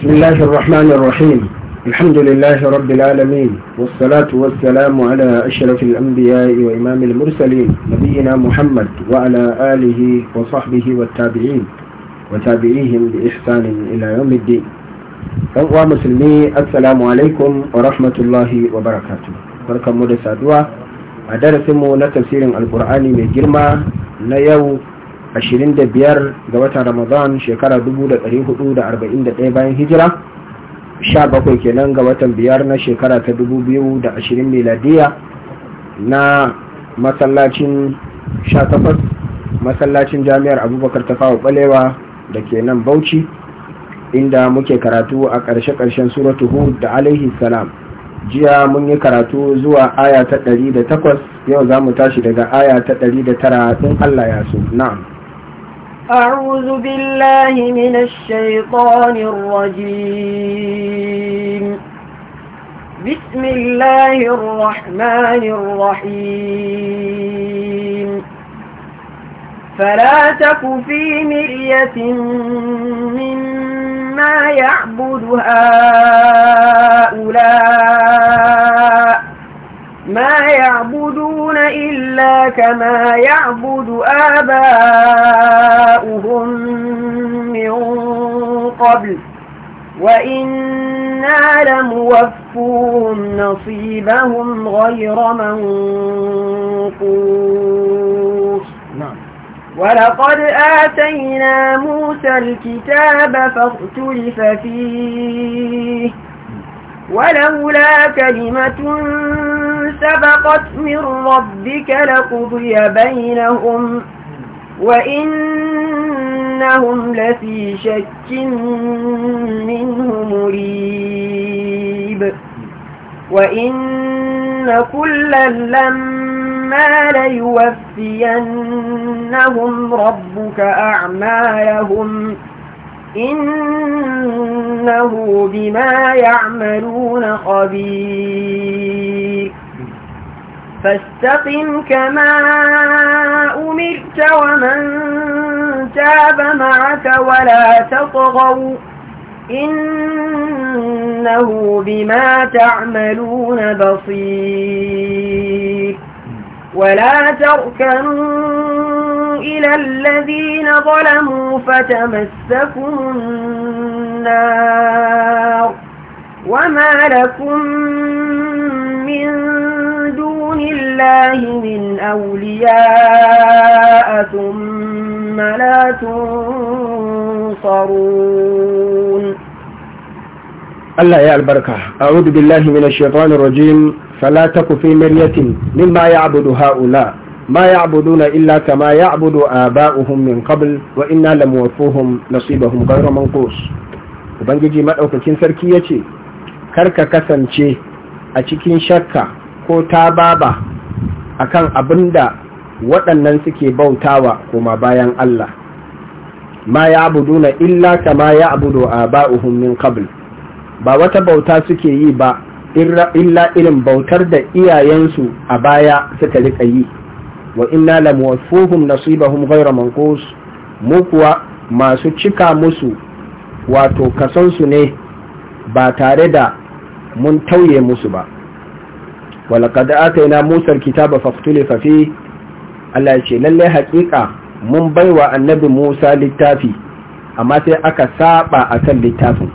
بسم الله الرحمن الرحيم الحمد لله رب العالمين والصلاة والسلام على أشرف الأنبياء وإمام المرسلين نبينا محمد وعلى آله وصحبه والتابعين وتابعيهم بإحسان إلى يوم الدين أقوى مسلمي السلام عليكم ورحمة الله وبركاته بركة مدسة دعاء درسمو نتفسير القرآن من جرمى نيو 25 ga watan ramadan shekara 1441 bayan hijira 17 kenan ga watan biyar na shekara ta 2020 miladiya na masallacin 18 masallacin jami'ar abubakar ta fawo balewa da ke nan bauchi inda muke karatu a karshe karshen suratu hud da alaihi salam jiya mun yi karatu zuwa aya ta 108 yau za mu tashi daga aya ta 109 in allah ya so na'am أعوذ بالله من الشيطان الرجيم بسم الله الرحمن الرحيم فلا تك في مرية مما يعبد هؤلاء ما يعبدون إلا كما يعبد آباؤهم من قبل وإنا لموفوهم نصيبهم غير منقوص نعم. ولقد آتينا موسى الكتاب فاختلف فيه ولولا كلمة سبقت من ربك لقضي بينهم وإنهم لفي شك منه مريب وإن كلا لما ليوفينهم ربك أعمالهم إنه بما يعملون خبير فاستقم كما أمرت ومن تاب معك ولا تطغوا إنه بما تعملون بصير ولا تركنوا إلى الذين ظلموا فتمسكم النار وما لكم من دون الله من أولياء ثم لا تنصرون الله يا البركة أعوذ بالله من الشيطان الرجيم فلا تك في مرية مما يعبد هؤلاء ما يعبدون إلا كما يعبد آباؤهم من قبل وإنا لموفوهم نصيبهم غير منقوص Ubangiji maɗaukakin sarki ya ce, Karka kasance a cikin shakka ko ta a kan abin da waɗannan suke bautawa kuma bayan Allah ma ya na illa kama ya abudu ba'uhun min qabl ba wata bauta suke yi ba illa irin bautar da iyayensu a baya suka rika yi wa inna lam wafuhum nasibahum ghayra manqus mu kuwa masu cika musu wato kasonsu ne ba tare da mun tauye musu ba walaqad atayna musa kitaba fakhtulifa fafi? Allah ce lalle haƙiƙa mun baiwa annabi Musa littafi amma sai aka saba akan littafin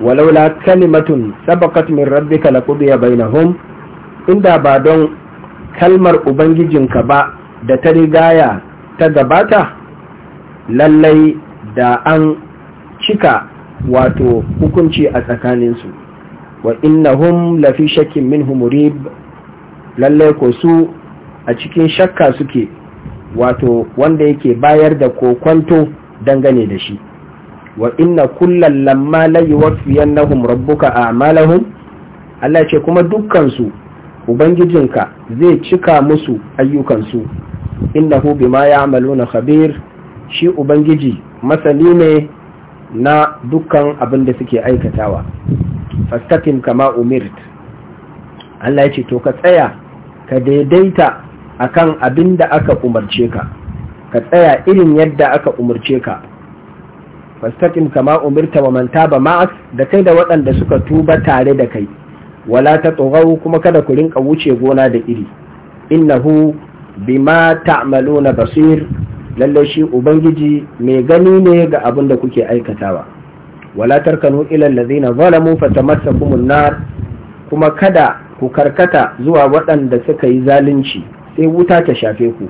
walaula kalimatun sabakat min rabbika laqudiya bainahum inda ba don kalmar ubangijinka ba da ta rigaya ta gabata lallai da an cika wato hukunci a tsakaninsu wa innahum lafi shakkin min murib lallai ko su a cikin shakka suke wato wanda yake bayar da kokwanto dangane da shi wa inna kullal lamma la yuwaffiyannahum rabbuka a'malahum Allah ce kuma dukkan su ubangijinka zai cika musu ayyukansu innahu bima ya'maluna khabir shi ubangiji masani ne na dukkan abin da suke aikatawa fastaqim kama umirt Allah ya ce to ka tsaya ka daidaita a kan abin da aka umarce ka ka tsaya irin yadda aka umarce ka fastakin kama umarta wa manta ba ma'as da kai da waɗanda suka tuba tare da kai wala ta tsogau kuma kada ku rinka wuce gona da iri innahu bima na basir Lallai shi ubangiji mai gani ne ga abin da kuke aikatawa wala tarkanu ila allazina zalamu fatamassakumun nar kuma kada ku karkata zuwa waɗanda suka yi zalunci sai wuta ta shafe ku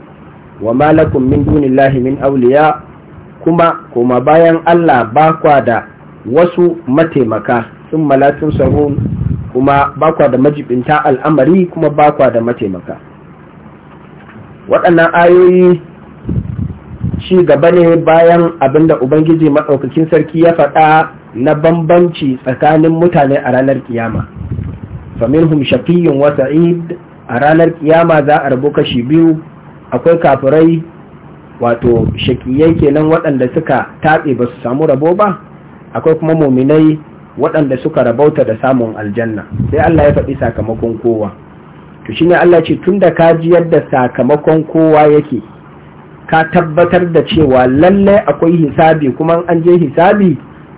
wa malakum min dunillahi min awliya kuma kuma bayan Allah ba kwa da wasu mataimaka sun malatun sahun kuma ba kwa da majibinta al'amari kuma ba kwa da mataimaka waɗannan ayoyi ci gaba ne bayan abinda ubangiji maɗaukakin sarki ya faɗa na bambanci tsakanin mutane a ranar kiyama faminhum shaqiyyun wa sa'id a ranar ƙiyama za a rabu kashi biyu akwai kafurai wato shaqiyai kenan waɗanda suka tatse ba su samu rabo ba akwai kuma muminai waɗanda suka rabauta da samun aljanna sai Allah ya faɗi sakamakon kowa to shine Allah ce da ka ji yadda sakamakon kowa yake ka tabbatar da cewa lallai akwai hisabi kuma an je hisabi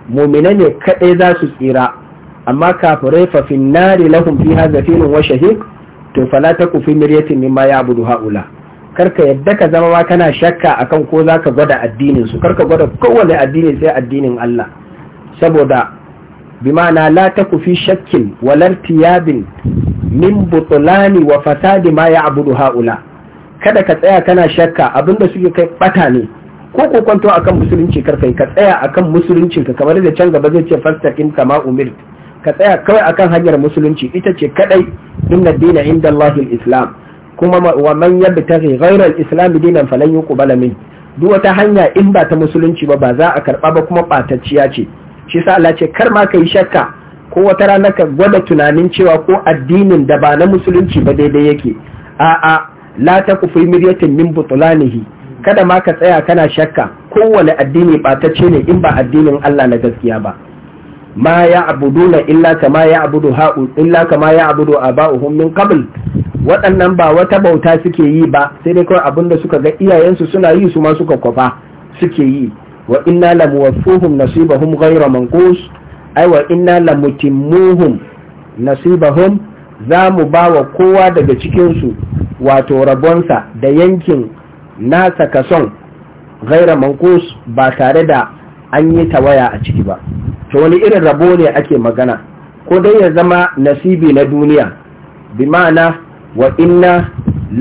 muminai ne kaɗai za su tsira amma kafirai fa fin nari lahum fiha filin wa shahiq to fala taku fi miryatin mimma ya'budu haula karka yadda ka zama ma kana shakka akan ko zaka gwada addinin su karka gwada kowane addini sai addinin Allah saboda bimana la taku fi shakkin walar tiyabin min butulani wa fasadi ma ya'budu haula kada ka tsaya kana shakka abinda suke kai bata ne ko kwanto akan musulunci karka ka tsaya akan musulunci ka kamar da can gaba zai ce fastaqim kama umirt ka tsaya kawai akan hanyar musulunci ita ce kadai inna dina inda Allah islam kuma wa man yabtaghi ghayra al-islam dinan falan yuqbala min duk wata hanya in ba ta musulunci ba ba za a karba ba kuma batacciya ce shi yasa Allah ce kar ma kai shakka ko wata rana ka gwada tunanin cewa ko addinin da ba na musulunci ba daidai yake a'a la taqfu miryatin min butlanihi kada ma ka tsaya kana shakka kowane addini ɓatacce ne in ba addinin Allah na gaskiya ba ma ya'buduna illa kama ya'budu ha'u illa kama a ba'u min qabl waɗannan ba wata bauta suke yi ba sai dai kawai da suka ga iyayensu suna yi su ma suka kwafa suke yi wa inna lamuwaffuhum nasibahum ghayra manqus ai wa inna lamutimmuhum nasibahum za mu ba wa kowa daga cikinsu wato rabonsa da yankin nasa kason gaira kus ba tare da an yi tawaya a ciki ba to wani irin rabo ne ake magana ko dai ya zama nasibi na duniya bi ma'ana wa inna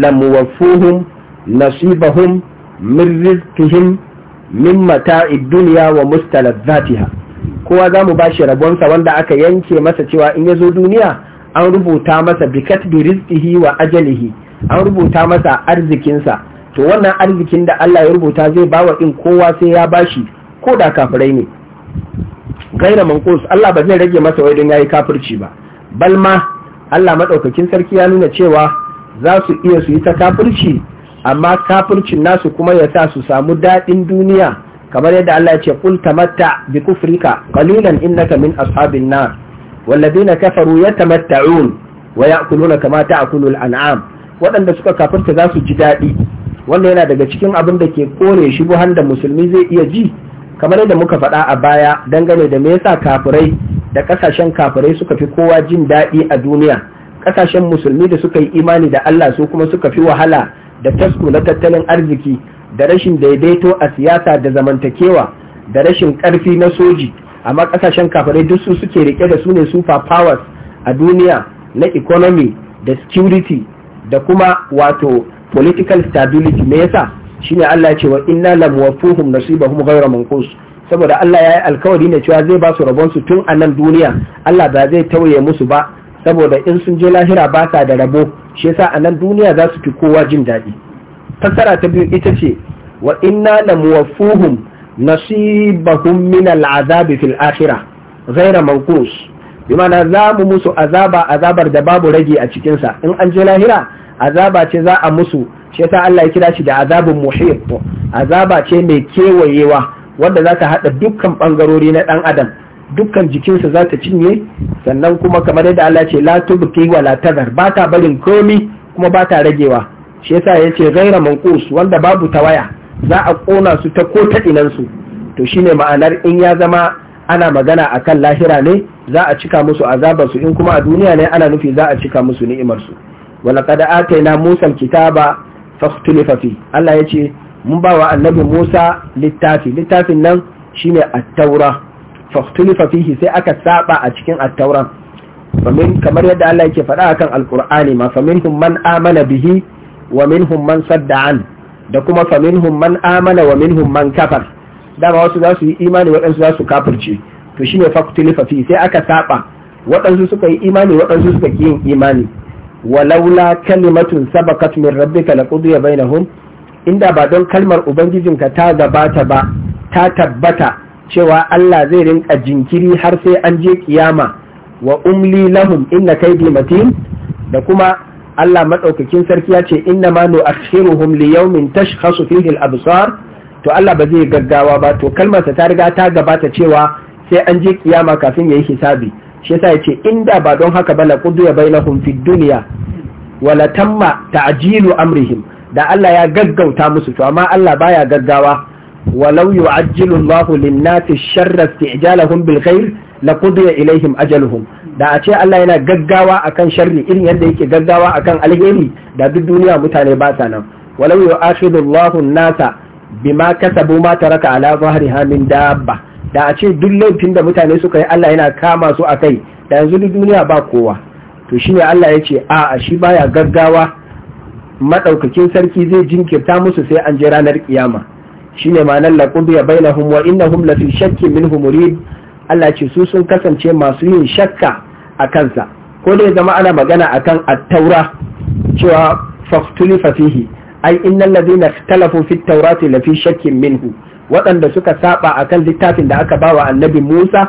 lamuwaffuhum nasibahum min rizqihim min mata'id dunya wa mustalazzatiha kowa za mu bashi rabonsa wanda aka yanke masa cewa in ya zo duniya an rubuta masa bikat bi rizqihi wa ajalihi an rubuta masa arzikinsa to wannan arzikin da Allah ya rubuta zai bawa in kowa sai ya bashi ko da kafirai ne gaira manqus Allah ba zai rage masa wai ya yayi kafirci ba Balma, Allah madaukakin sarki ya nuna cewa za su iya su yi ta kafirci amma kafircin nasu kuma ya sa su samu daɗin duniya kamar yadda Allah ya ce qul tamatta bi kufrika qalilan innaka min ashabin nar ya كفروا يتمتعون kamata a تأكل الأنعام waɗanda suka kafirta za su ji daɗi wannan yana daga cikin abin da ke kore shi buhan da musulmi zai iya ji kamar yadda muka faɗa a baya dangane da me yasa kafirai da ƙasashen kafirai suka fi kowa jin daɗi a duniya ƙasashen musulmi da suka yi imani da Allah su kuma suka fi wahala da tasku na tattalin arziki da rashin daidaito a siyasa da zamantakewa da rashin ƙarfi na soji amma ƙasashen kafirai duk su suke riƙe da su ne super powers a duniya na economy da security da kuma wato political stability me yasa shine Allah ya ce wa inna lam wafuhum nasibahum ghayra manqus saboda Allah ya yi alkawari ne cewa zai ba su rabon su tun a nan duniya Allah ba zai tauye musu ba saboda in sun je lahira ba sa da rabo shi yasa a nan duniya za su fi kowa jin daɗi fassara ta biyu ita ce wa inna lam wafuhum nasibahum min al'azab fil akhirah ghayra manqus bi ma'ana za mu musu azaba azabar da babu rage a cikin sa in an je lahira azaba ce za a musu shi yasa Allah ya kira shi da azabun muhit azaba ce mai kewayewa wanda za ta haɗa dukkan bangarori na ɗan adam dukkan jikinsa za ta cinye sannan kuma kamar yadda Allah ce la tubqi wa la tazar ba ta barin komi kuma ba ta ragewa shi yasa ya ce ghaira manqus wanda babu tawaya za a kona su ta ko ta inan su to shine ma'anar in ya zama ana magana akan lahira ne za a cika musu azabar su in kuma a duniya ne ana nufi za a cika musu ni'imar su wa laqad atayna musa kitaba fa fi Allah ya ce mun ba wa annabi Musa littafi littafin nan shine at-taura fa fihi sai aka saba a cikin at-taura famin kamar yadda Allah yake faɗa akan alqur'ani ma faminhum man amana bihi wa minhum man sadda an da kuma faminhum man amana wa minhum man kafar dama wasu za su yi imani waɗansu za su kafirce to shine fa fihi sai aka saba waɗansu suka yi imani waɗansu suka yi imani walaula kalimatun sabakat min rabbika laqudiya bainahum inda ba don kalmar ubangijinka ta gabata ba ta tabbata cewa Allah zai rinka jinkiri har sai an je kiyama wa umli lahum inna kaydi matin da kuma Allah madaukakin sarki ya ce inna ma nu'akhiruhum li yawmin tashkhasu fihi al-absar to Allah ba zai gaggawa ba to kalmarsa ta riga ta gabata cewa sai an je kiyama kafin yayi hisabi shi yasa yace inda ba don haka ba la qudiya bainahum fid dunya wa la tamma ta'jilu amrihim da Allah ya gaggauta musu to amma Allah baya gaggawa walau yu'ajjilu Allahu lin-nasi sharra isti'jalahum bil khair la qudiya ilaihim ajaluhum da a ce Allah yana gaggawa akan sharri irin yadda yake gaggawa akan alheri da duk duniya mutane ba sa nan walau yu'akhidu Allahu an-nasa bima kasabu ma taraka ala zahriha min dabba da a ce duk laifin da mutane suka yi Allah yana kama su a kai da yanzu duk duniya ba kowa to shi ne Allah ya ce a a shi baya gaggawa madaukakin sarki zai jinkirta musu sai an je ranar kiyama shi ne ma'anar laqudiya bainahum wa innahum la fi shakkin minhu murid Allah ce su sun kasance masu yin shakka a kansa ko da ya zama ana magana akan at-taura cewa faftuli fasihi, ai innal ladina ikhtalafu fit taurati lafi shakkin minhu waɗanda suka saba akan littafin da aka bawa annabi Musa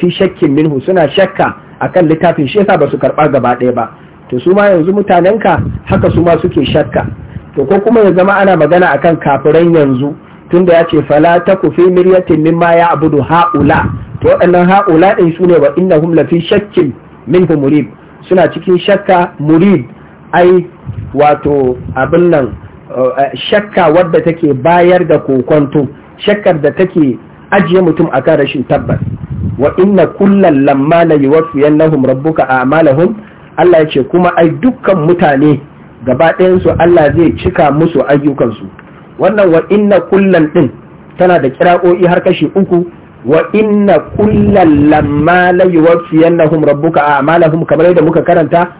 fi shakkin minhu suna shakka akan littafin shi yasa ba su karɓa gaba ɗaya ba to su ma yanzu mutanenka haka su ma suke shakka to ko kuma ya zama ana magana akan kafiran yanzu tunda ya ce fala taku fi miryatin ma ya abudu haula to waɗannan haula ɗin su ne wa innahum lafi shakkin minhu murib suna cikin shakka murib ai wato abin nan shakka wadda take bayar da kokonto shakkar da take ajiye mutum a kan rashin tabbas wa inna kullal lamma la yuwaffiyannahum rabbuka a'malahum Allah ya ce kuma ai dukkan mutane gaba ɗayansu Allah zai cika musu ayyukansu wannan wa inna kullan din tana da kira'o'i har kashi uku wa inna kullan lamma la yuwaffiyannahum rabbuka a'malahum kamar yadda muka karanta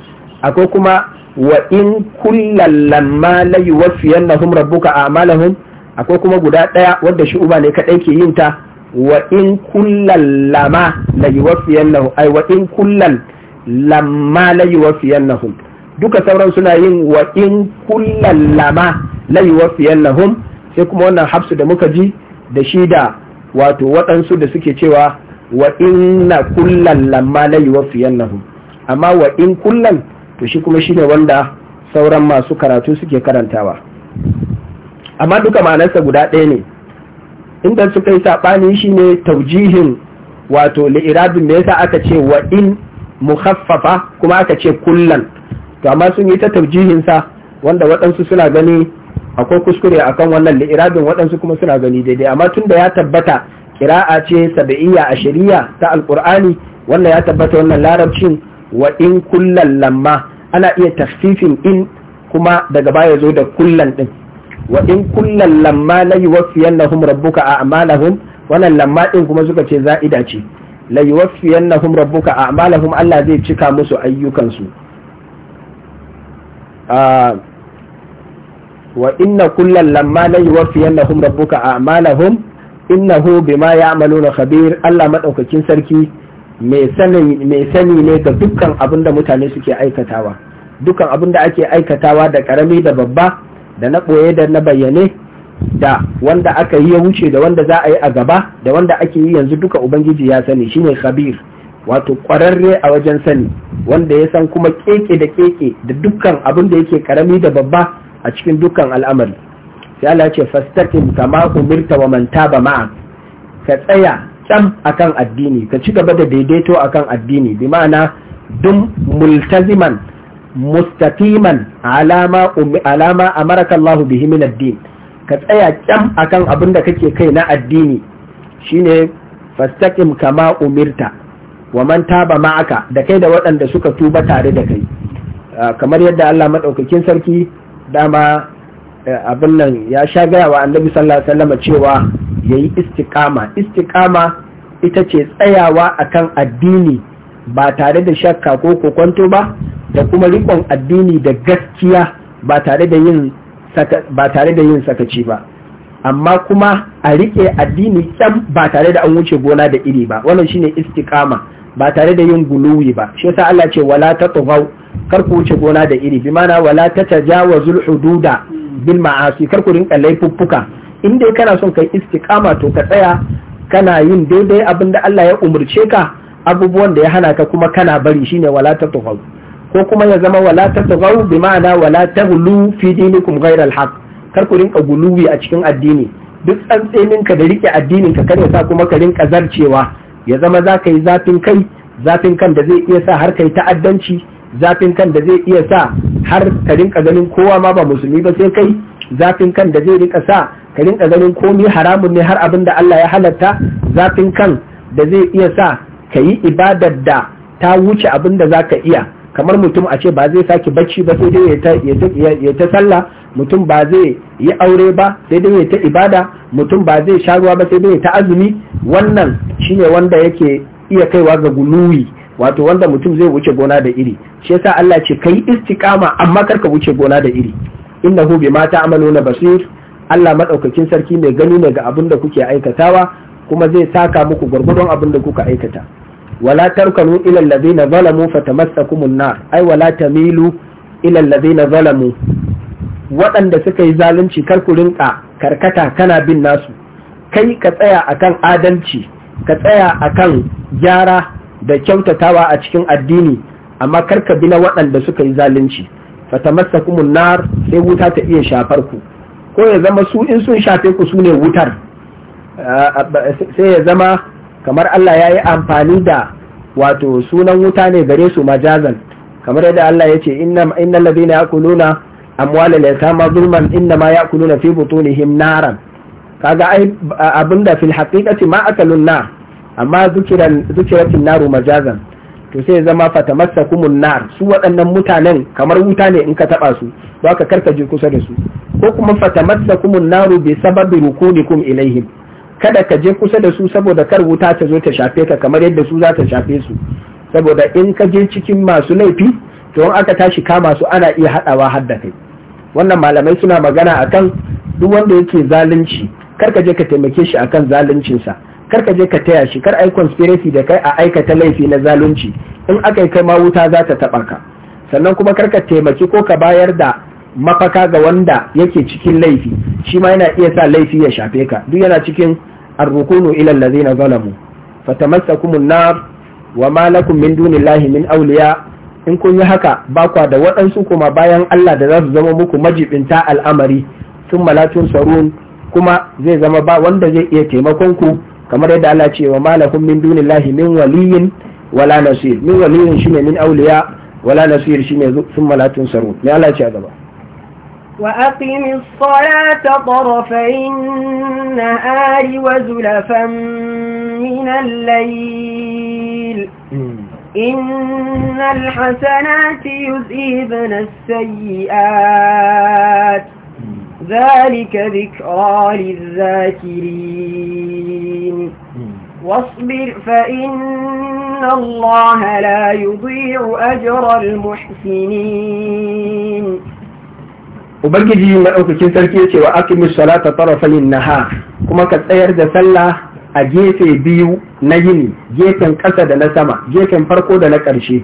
akwai kuma wa in kullal lamma la yuwaffiyannahum rabbuka a'malahum akwai kuma guda daya wanda shi uba ne kadai ke yin ta wa in kullal lama la yuwaffiyannahum ay wa in kullal lamma la yuwaffiyannahum duka sauran suna yin wa in kullal lama la yuwaffiyannahum sai kuma wannan hafsu da muka ji da shi da wato waɗansu da suke cewa wa inna kullal lamma la yuwaffiyannahum amma wa in kullal to shi kuma shi ne wanda sauran masu karatu suke karantawa amma duka ma'anarsa guda ɗaya ne inda suka yi saɓani shine taujihin wato li'irabin da yasa aka ce wa in mukhaffafa kuma aka ce kullan to amma sun yi ta taujihinsa wanda waɗansu suna gani akwai kuskure a kan wannan li'irabin waɗansu kuma suna gani daidai amma tun da ya tabbata kira'a ce saba'iyya a shari'a ta alƙur'ani wannan ya tabbata wannan larabcin wa in kullan lamma ana iya tafsifin in kuma daga baya zo da kullan din wa in kullan lamma la yuwaffiyannahum rabbuka a'malahum wannan lamma din kuma suka ce za'ida ce la yuwaffiyannahum rabbuka a'malahum Allah zai cika musu su ah, wa inna kullan lamma la yuwaffiyannahum rabbuka a'malahum innahu bima ya'maluna khabir Allah madaukakin sarki mai sani ne ga dukkan abin da mutane suke aikatawa dukkan abin da ake aikatawa da karami da babba da na ɓoye da na bayyane da wanda aka yi ya wuce da wanda za a yi a gaba da wanda ake yi yanzu duka ubangiji ya sani shine khabir wato kwararre a wajen sani wanda ya san kuma keke da keke da dukkan abin da yake karami da babba a cikin dukkan al'amari sai Allah ce fastaqim kama umirta wa man taba ma'a ka tsaya tsam akan addini ka ci gaba da daidaito akan addini bi ma'ana dun multaziman mustaqiman alama alama amaraka Allah bihi min ad-din ka tsaya ƙyam akan abin da kake kai na addini shine fastaqim kama umirta wa man taba ma'aka da kai da waɗanda suka tuba tare da kai ah, kamar yadda Allah maɗaukakin sarki dama Eh, abin nan ya sha gaya wa annabi sallallahu alaihi wasallam cewa yayi istiqama istiqama ita ce tsayawa akan addini ba tare da shakka ko kokonto ba da kuma rikon addini da gaskiya ba tare da yin ba tare da yin sakaci ba amma kuma a rike addini tsam ba tare da an wuce gona da iri ba wannan shine istiqama ba tare da yin guluwi ba shi yasa Allah ce wala ta tatghaw kar ku wuce gona da iri bi mana wala ta tatajawazul hududa bil ma'asi kar ku rinka laifuffuka in dai kana son kai istiqama to ka tsaya kana yin daidai abin da Allah ya umurce ka abubuwan da ya hana ka kuma kana bari shine wala ta tatghaw ko kuma ya zama wala ta tatghaw bi ma'ana wala gulu fi dinikum ghayra kar ku rinka guluwi a cikin addini duk tsantseninka da rike addinin ka kar sa kuma ka rinka zarcewa ya zama za ka yi zafin kai zafin kan da zai iya sa har kai ta'addanci zafin kan da zai iya sa har ka rinka ganin kowa ma ba musulmi ba sai kai zafin kan da zai rinka sa ka rinka ganin komai haramun ne har abin da Allah ya halatta zafin kan da zai iya sa ka yi ibadar da ta wuce abin da za ka iya kamar mutum a ce ba zai sake bacci ba sai dai ya ta sallah mutum ba zai yi aure ba sai dai ya ta ibada mutum ba zai sha ruwa ba sai dai ya ta azumi wannan shine wanda yake iya kaiwa ga guluwi wato wanda mutum zai wuce gona da iri shi yasa Allah ce kai istiqama amma kar ka wuce gona da iri innahu bima ta'maluna basir Allah madaukakin sarki mai gani ne ga abin da kuke aikatawa kuma zai saka muku gwargwadon abin da kuka aikata wala tarkanu ila allazina zalamu fatamassakumun nar ai wala tamilu ila allazina zalamu waɗanda suka yi zalunci kar ku rinka karkata kana bin nasu kai ka tsaya akan adalci ka tsaya akan gyara da kyautatawa a cikin addini amma kar ka bi na waɗanda suka yi zalunci fatamassakumun nar sai wuta ta iya shafar ku ko ya zama su in sun shafe ku su ne wutar ah, ah, sai ya zama kamar Allah ya yi amfani da wato sunan wuta ne gare su majazan kamar yadda Allah ya ce innal ladina yakuluna amwalal yatama zulman inna ma yakuluna fi butunihim naran kaga ai abinda fil haqiqati ma aka na amma zukiratin naru majazan to sai zama kumun nar su waɗannan mutanen kamar wuta ne in ka taɓa su ba ka karka je kusa da su ko kuma kumun naru bi sababi rukunikum ilaihim kada ka je kusa da su saboda kar wuta ta zo ta shafe ka kamar yadda su za ta shafe su saboda in ka je cikin masu laifi to in aka tashi kama su ana iya haɗawa har da kai wannan malamai suna magana akan duk wanda yake zalunci kar ka je ka taimake shi akan zaluncinsa kar ka je ka taya shi kar ai conspiracy da kai a aikata laifi na zalunci in aka yi kai ma wuta za ta taɓa ka sannan kuma kar ka taimaki ko ka bayar da mafaka ga wanda yake cikin laifi shi ma yana iya sa laifi ya shafe ka duk yana cikin arrukunu ila allazina zalamu fatamassakumun nar wa ma lakum min dunillahi min awliya in kun yi haka ba kwa da waɗansu kuma bayan Allah da za su zama muku majibinta al'amari sun malatun sarun kuma zai zama ba wanda zai iya taimakon ku kamar yadda Allah ce wa malakum min dunillahi min waliyin wala nasir min waliyin shine min awliya wala nasir shine sun malatun sarun me Allah ce a gaba وأقم الصلاة طرفي النهار وزلفا من الليل إن الحسنات يذيبن السيئات ذلك ذكرى للذاكرين واصبر فإن الله لا يضيع أجر المحسنين ubangiji maɗaukakin sarki ya ce wa aqimus salata na ha, kuma ka tsayar da sallah a gefe biyu na yini gefen ƙasa da na sama gefen farko da na ƙarshe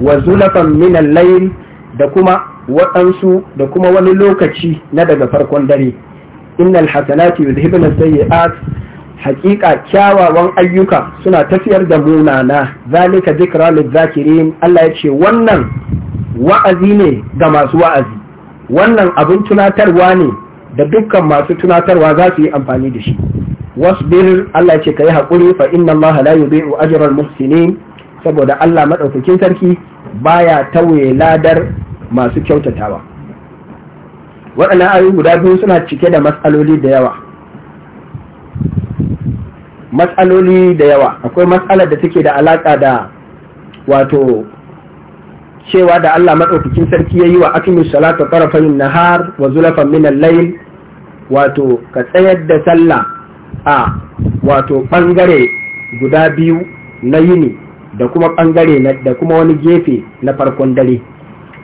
wa zulafan minan layin da kuma waɗansu da kuma wani lokaci na daga farkon dare innal hasanati yudhibna sayyi'at haƙiƙa kyawawan ayyuka suna tafiyar da munana zalika zikra lil zakirin Allah ya ce wannan wa'azi ne ga masu wa'azi wannan abin tunatarwa ne da dukkan masu tunatarwa za su yi amfani da shi Wasu wasbir Allah ce kai haƙuri fa inna Allah la yudhi'u ajral muhsinin saboda Allah madaukakin sarki baya tauye ladar masu kyautatawa waɗannan ayoyi guda biyu suna cike da matsaloli da yawa matsaloli da yawa akwai matsalar da take da alaƙa da wato cewa da Allah madaukakin sarki ya yi wa aqimis salata tarafayn nahar wa zulafan minan layin wato ka tsayar da sallah a wato ɓangare guda biyu na yini da kuma ɓangare da kuma wani gefe na farkon dare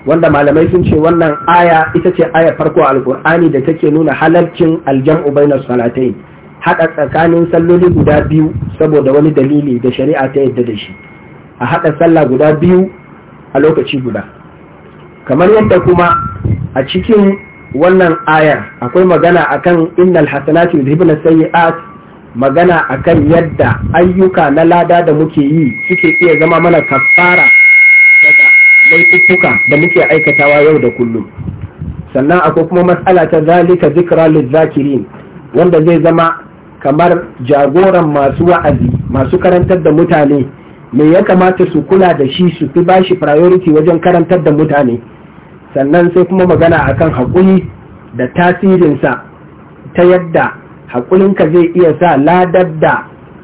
wanda malamai sun ce wannan aya ita ce aya farko a alkur'ani da take nuna halarcin aljam'u bainar salatai, haɗa tsakanin salloli guda biyu saboda wani dalili da shari'a ta yadda da shi a haɗa sallah guda biyu a lokaci guda kamar yadda kuma a cikin wannan ayar akwai magana akan innal hasanatu yudhibna sayyi'at magana akan yadda ayyuka na lada da muke yi suke iya zama mana kafara daga laifuka da muke aikatawa yau da kullum sannan akwai kuma matsala ta zalika zikra lizakirin wanda zai zama kamar jagoran masu wa'azi masu karantar da mutane me ya kamata su kula da shi su fi ba shi priority wajen karantar da mutane sannan sai kuma magana a kan haƙuri da tasirinsa ta yadda haƙurinka zai iya sa ladar da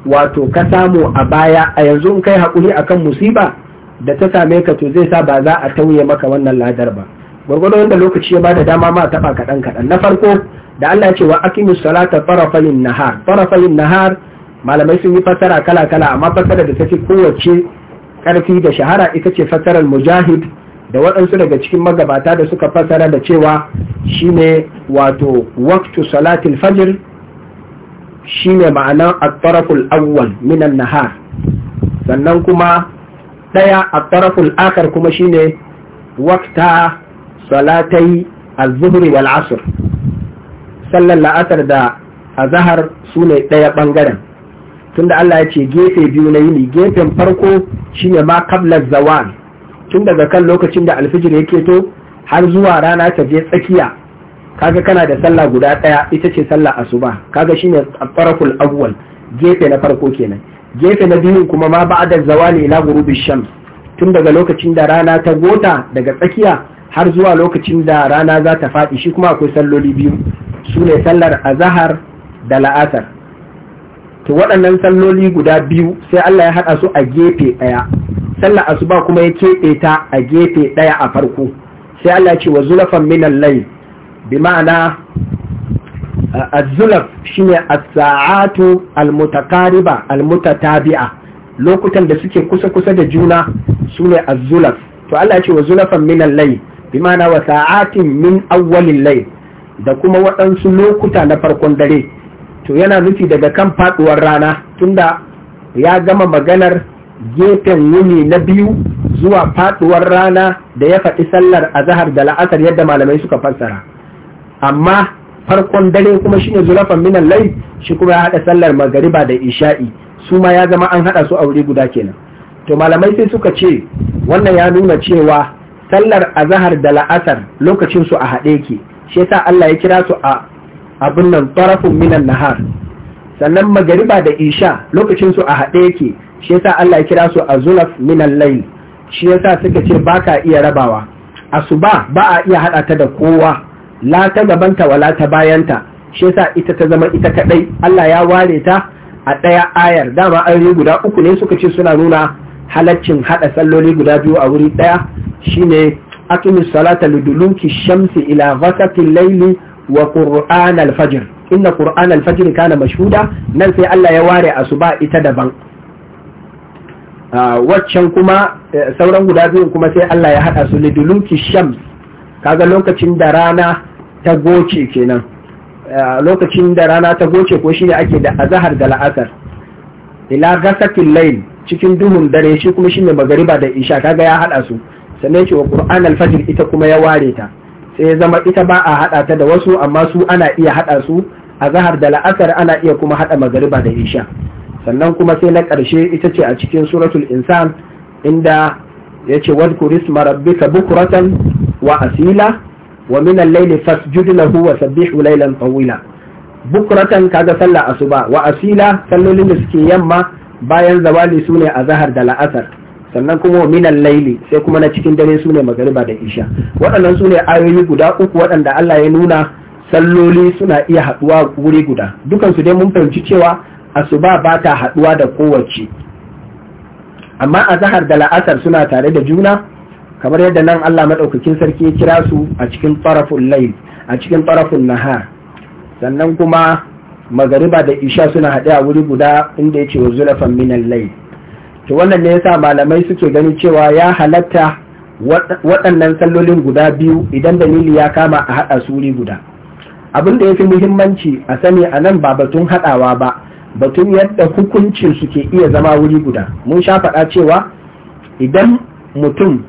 wato ka samu a baya a yanzu in kai haƙuri akan musiba da ta same ka to zai sa ba za a tauye maka wannan ladar ba gwargwado wanda lokaci ya ba da dama ma taɓa kaɗan kaɗan na farko da Allah ya ce wa aqimus salata farafalin nahar farafalin nahar malamai sun yi fassara kala kala amma fassara da take kowace karfi da shahara ita ce fassarar mujahid da waɗansu daga cikin magabata da suka fassara da cewa shine wato waktu salatil fajr shine ma'ana at-taraful awwal minan nahar sannan kuma ɗaya at-taraful akhar kuma shine wakta salatai az-zuhri wal asr sallan la'asar da azhar sune ɗaya ɓangaren. tunda Allah ya ce gefe biyu na yini gefen farko shine ma kabla zawan tun daga kan lokacin da alfijir yake to har zuwa rana ta je tsakiya kaga kana da sallah guda daya ita ce sallah asuba kaga shine tsaraful awwal gefe na farko kenan gefe na biyu kuma ma ba'da zawan ila ghurubi shams tun daga lokacin da rana ta gota daga tsakiya har zuwa lokacin da rana za ta faɗi shi kuma akwai salloli biyu su sallar azahar da la'asar to waɗannan salloli guda biyu sai Allah ya haɗa su a gefe ɗaya sallar asuba kuma ya keɓe ta a gefe ɗaya a farko sai Allah ya ce wa zulafan minan lai bi ma'ana a zulaf shine asa'atu saatu al lokutan da suke kusa kusa da juna sune a zulaf to Allah ya ce wa zulafan minan lai bi ma'ana wa sa'atin min awwalin lai da kuma waɗansu lokuta na farkon dare to yana nufi daga kan faduwar rana tunda ya gama maganar gefen wuni na biyu zuwa faduwar rana da ya faɗi sallar azahar da la'asar yadda malamai suka fassara amma farkon dare kuma shine zulafan minan lai shi kuma ya haɗa sallar magariba da isha'i su ma ya zama an haɗa su a wuri guda kenan to malamai sai suka ce wannan ya nuna cewa sallar azahar da la'asar lokacin su a haɗe ke shi yasa Allah ya kira su a abin nan tarafin minan nahar sannan magariba da isha lokacinsu a haɗe yake shi yasa Allah ya kira su a zulaf minan layl shi yasa suka ce baka iya rabawa asuba ba a iya haɗa ta da kowa la ta gabanta wala ta bayanta shi yasa ita ta zama ita kaɗai Allah ya ware ta a ɗaya ayar dama ayoyi guda uku ne suka ce suna nuna halaccin haɗa salloli guda biyu a wuri ɗaya shine aqimis salata liduluki shamsi ila ghasaqil laili wa qur'an al-fajr inna qur'an al-fajr kana mashhuda nan sai Allah ya ware ba ita daban ah, waccan kuma eh, sauran guda biyun kuma sai Allah ya hada su liduluki shams kaga lokacin da rana ta goce kenan ah, lokacin da rana ta goce ko shine ake da azhar da la'asar ila gasakil layl cikin duhun dare shi kuma shine magariba da isha kaga ya haɗa su sannan ce wa qur'an al ita kuma ya ware ta sai zama ita ba a haɗa ta da wasu amma su ana iya haɗa su a zahar da la'asar ana iya kuma haɗa magariba da isha sannan kuma sai na ƙarshe ita ce a cikin suratul insan inda ya ce wadkur isma bukratan wa asila wa minan al-layli fasjud lahu wa sabbihu laylan tawila bukratan kaga sallah asuba wa asila sallolin da suke yamma bayan zawali sune a zahar da la'asar sannan kuma minan laili sai kuma na cikin dare su ne magariba da isha waɗannan su ne ayoyi guda uku waɗanda Allah ya nuna salloli suna iya haɗuwa wuri guda dukansu dai mun fahimci cewa asuba ba ta haɗuwa da kowace amma a zahar da la'asar suna tare da juna kamar yadda nan Allah maɗaukakin sarki ya kira su a cikin farafin laili a cikin farafin nahar sannan kuma magariba da isha suna haɗe a wuri guda inda ya ce wa zulafan minan laili to wannan ne ya sa malamai suke gani cewa ya halatta waɗannan sallolin guda biyu idan dalili ya kama a haɗa suri guda abin da ya fi muhimmanci a sani a nan ba batun haɗawa ba batun yadda hukuncin suke iya zama wuri guda mun sha faɗa cewa idan mutum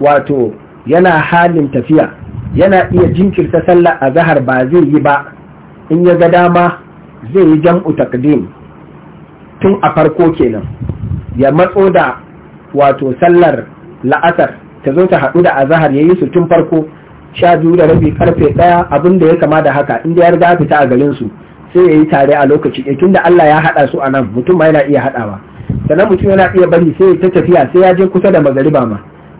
wato yana halin tafiya yana iya jinkirta sallah a zahar ba zai yi ba in ya ga dama zai yi jam'u takdim tun a farko kenan ya matso da wato sallar la'asar ta zo ta haɗu da azahar ya yi su tun farko sha biyu da rabi karfe ɗaya abin da ya kama da haka inda ya riga fita a garin su sai ya yi tare a lokaci ɗaya tunda Allah ya haɗa su a nan mutum ma yana iya haɗawa sannan mutum yana iya bari sai ta tafiya sai ya je kusa da magariba ma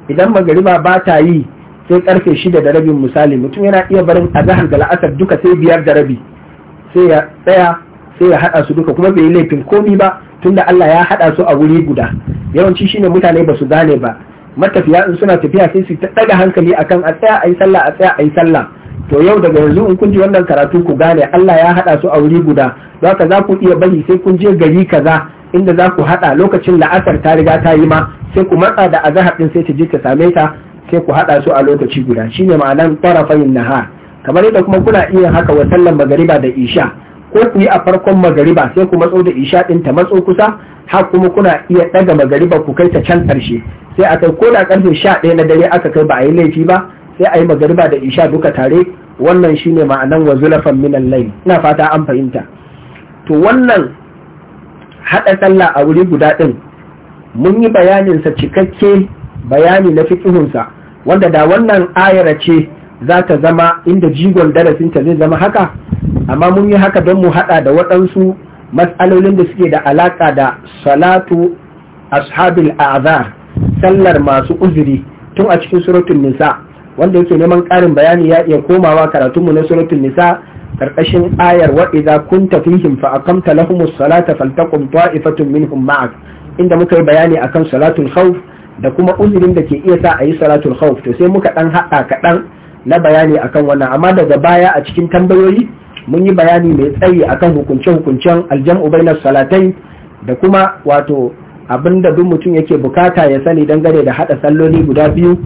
idan magariba ba ta yi sai karfe shida da rabin misali mutum yana iya barin azahar da la'asar duka sai biyar da rabi sai ya tsaya sai ya haɗa su duka kuma bai yi laifin komi ba tunda Allah ya haɗa su a wuri guda yawanci shine mutane ba su gane ba matafiya in suna tafiya sai su ɗaga hankali akan a tsaya ayi sallah a tsaya ayi sallah to yau daga yanzu in kun ji wannan karatu ku gane Allah ya haɗa su a wuri guda Za ka za ku iya bari sai kun je gari kaza inda za ku haɗa lokacin la'asar ta riga ta yi ma sai ku matsa da azahar ɗin sai ta je ta same ta sai ku haɗa su a lokaci guda shine ma'anan tarafayin nahar kamar yadda kuma kuna iya haka wa sallan magariba da isha ko ku yi a farkon magariba sai ku matso da isha ɗin ta matso kusa har kuma kuna iya ɗaga magariba ku kai ta can ƙarshe sai a kai ko da ƙarfe sha ɗaya na dare aka kai ba a yi laifi ba sai a yi magariba da isha duka tare wannan shine ma'anan wa zulafan minan lail ina fata an fahimta to wannan haɗa sallah a wuri guda ɗin mun yi bayanin sa cikakke bayani na kihunsa, wanda da wannan ayara ce za ta zama inda jigon darasinta zai zama haka amma mun yi haka don mu haɗa da waɗansu matsalolin da suke da alaƙa da salatu ashabil a'zar sallar masu uzuri tun a cikin suratun nisa wanda yake neman ƙarin bayani ya iya komawa karatunmu na suratun nisa karkashin ayar wa idza kunta fihim fa aqamta lahumus salata faltaqum ta'ifatun minhum ma'ak inda muka yi bayani akan salatul khawf da kuma uzurin da ke iya sa a yi salatul khawf to sai muka dan haɗa kaɗan na bayani akan wannan amma daga baya a cikin tambayoyi mun yi bayani mai tsayi akan hukunce-hukuncen aljam'u bainar salatai da kuma wato abin da duk mutum yake bukata ya sani dangane da hada salloli guda biyu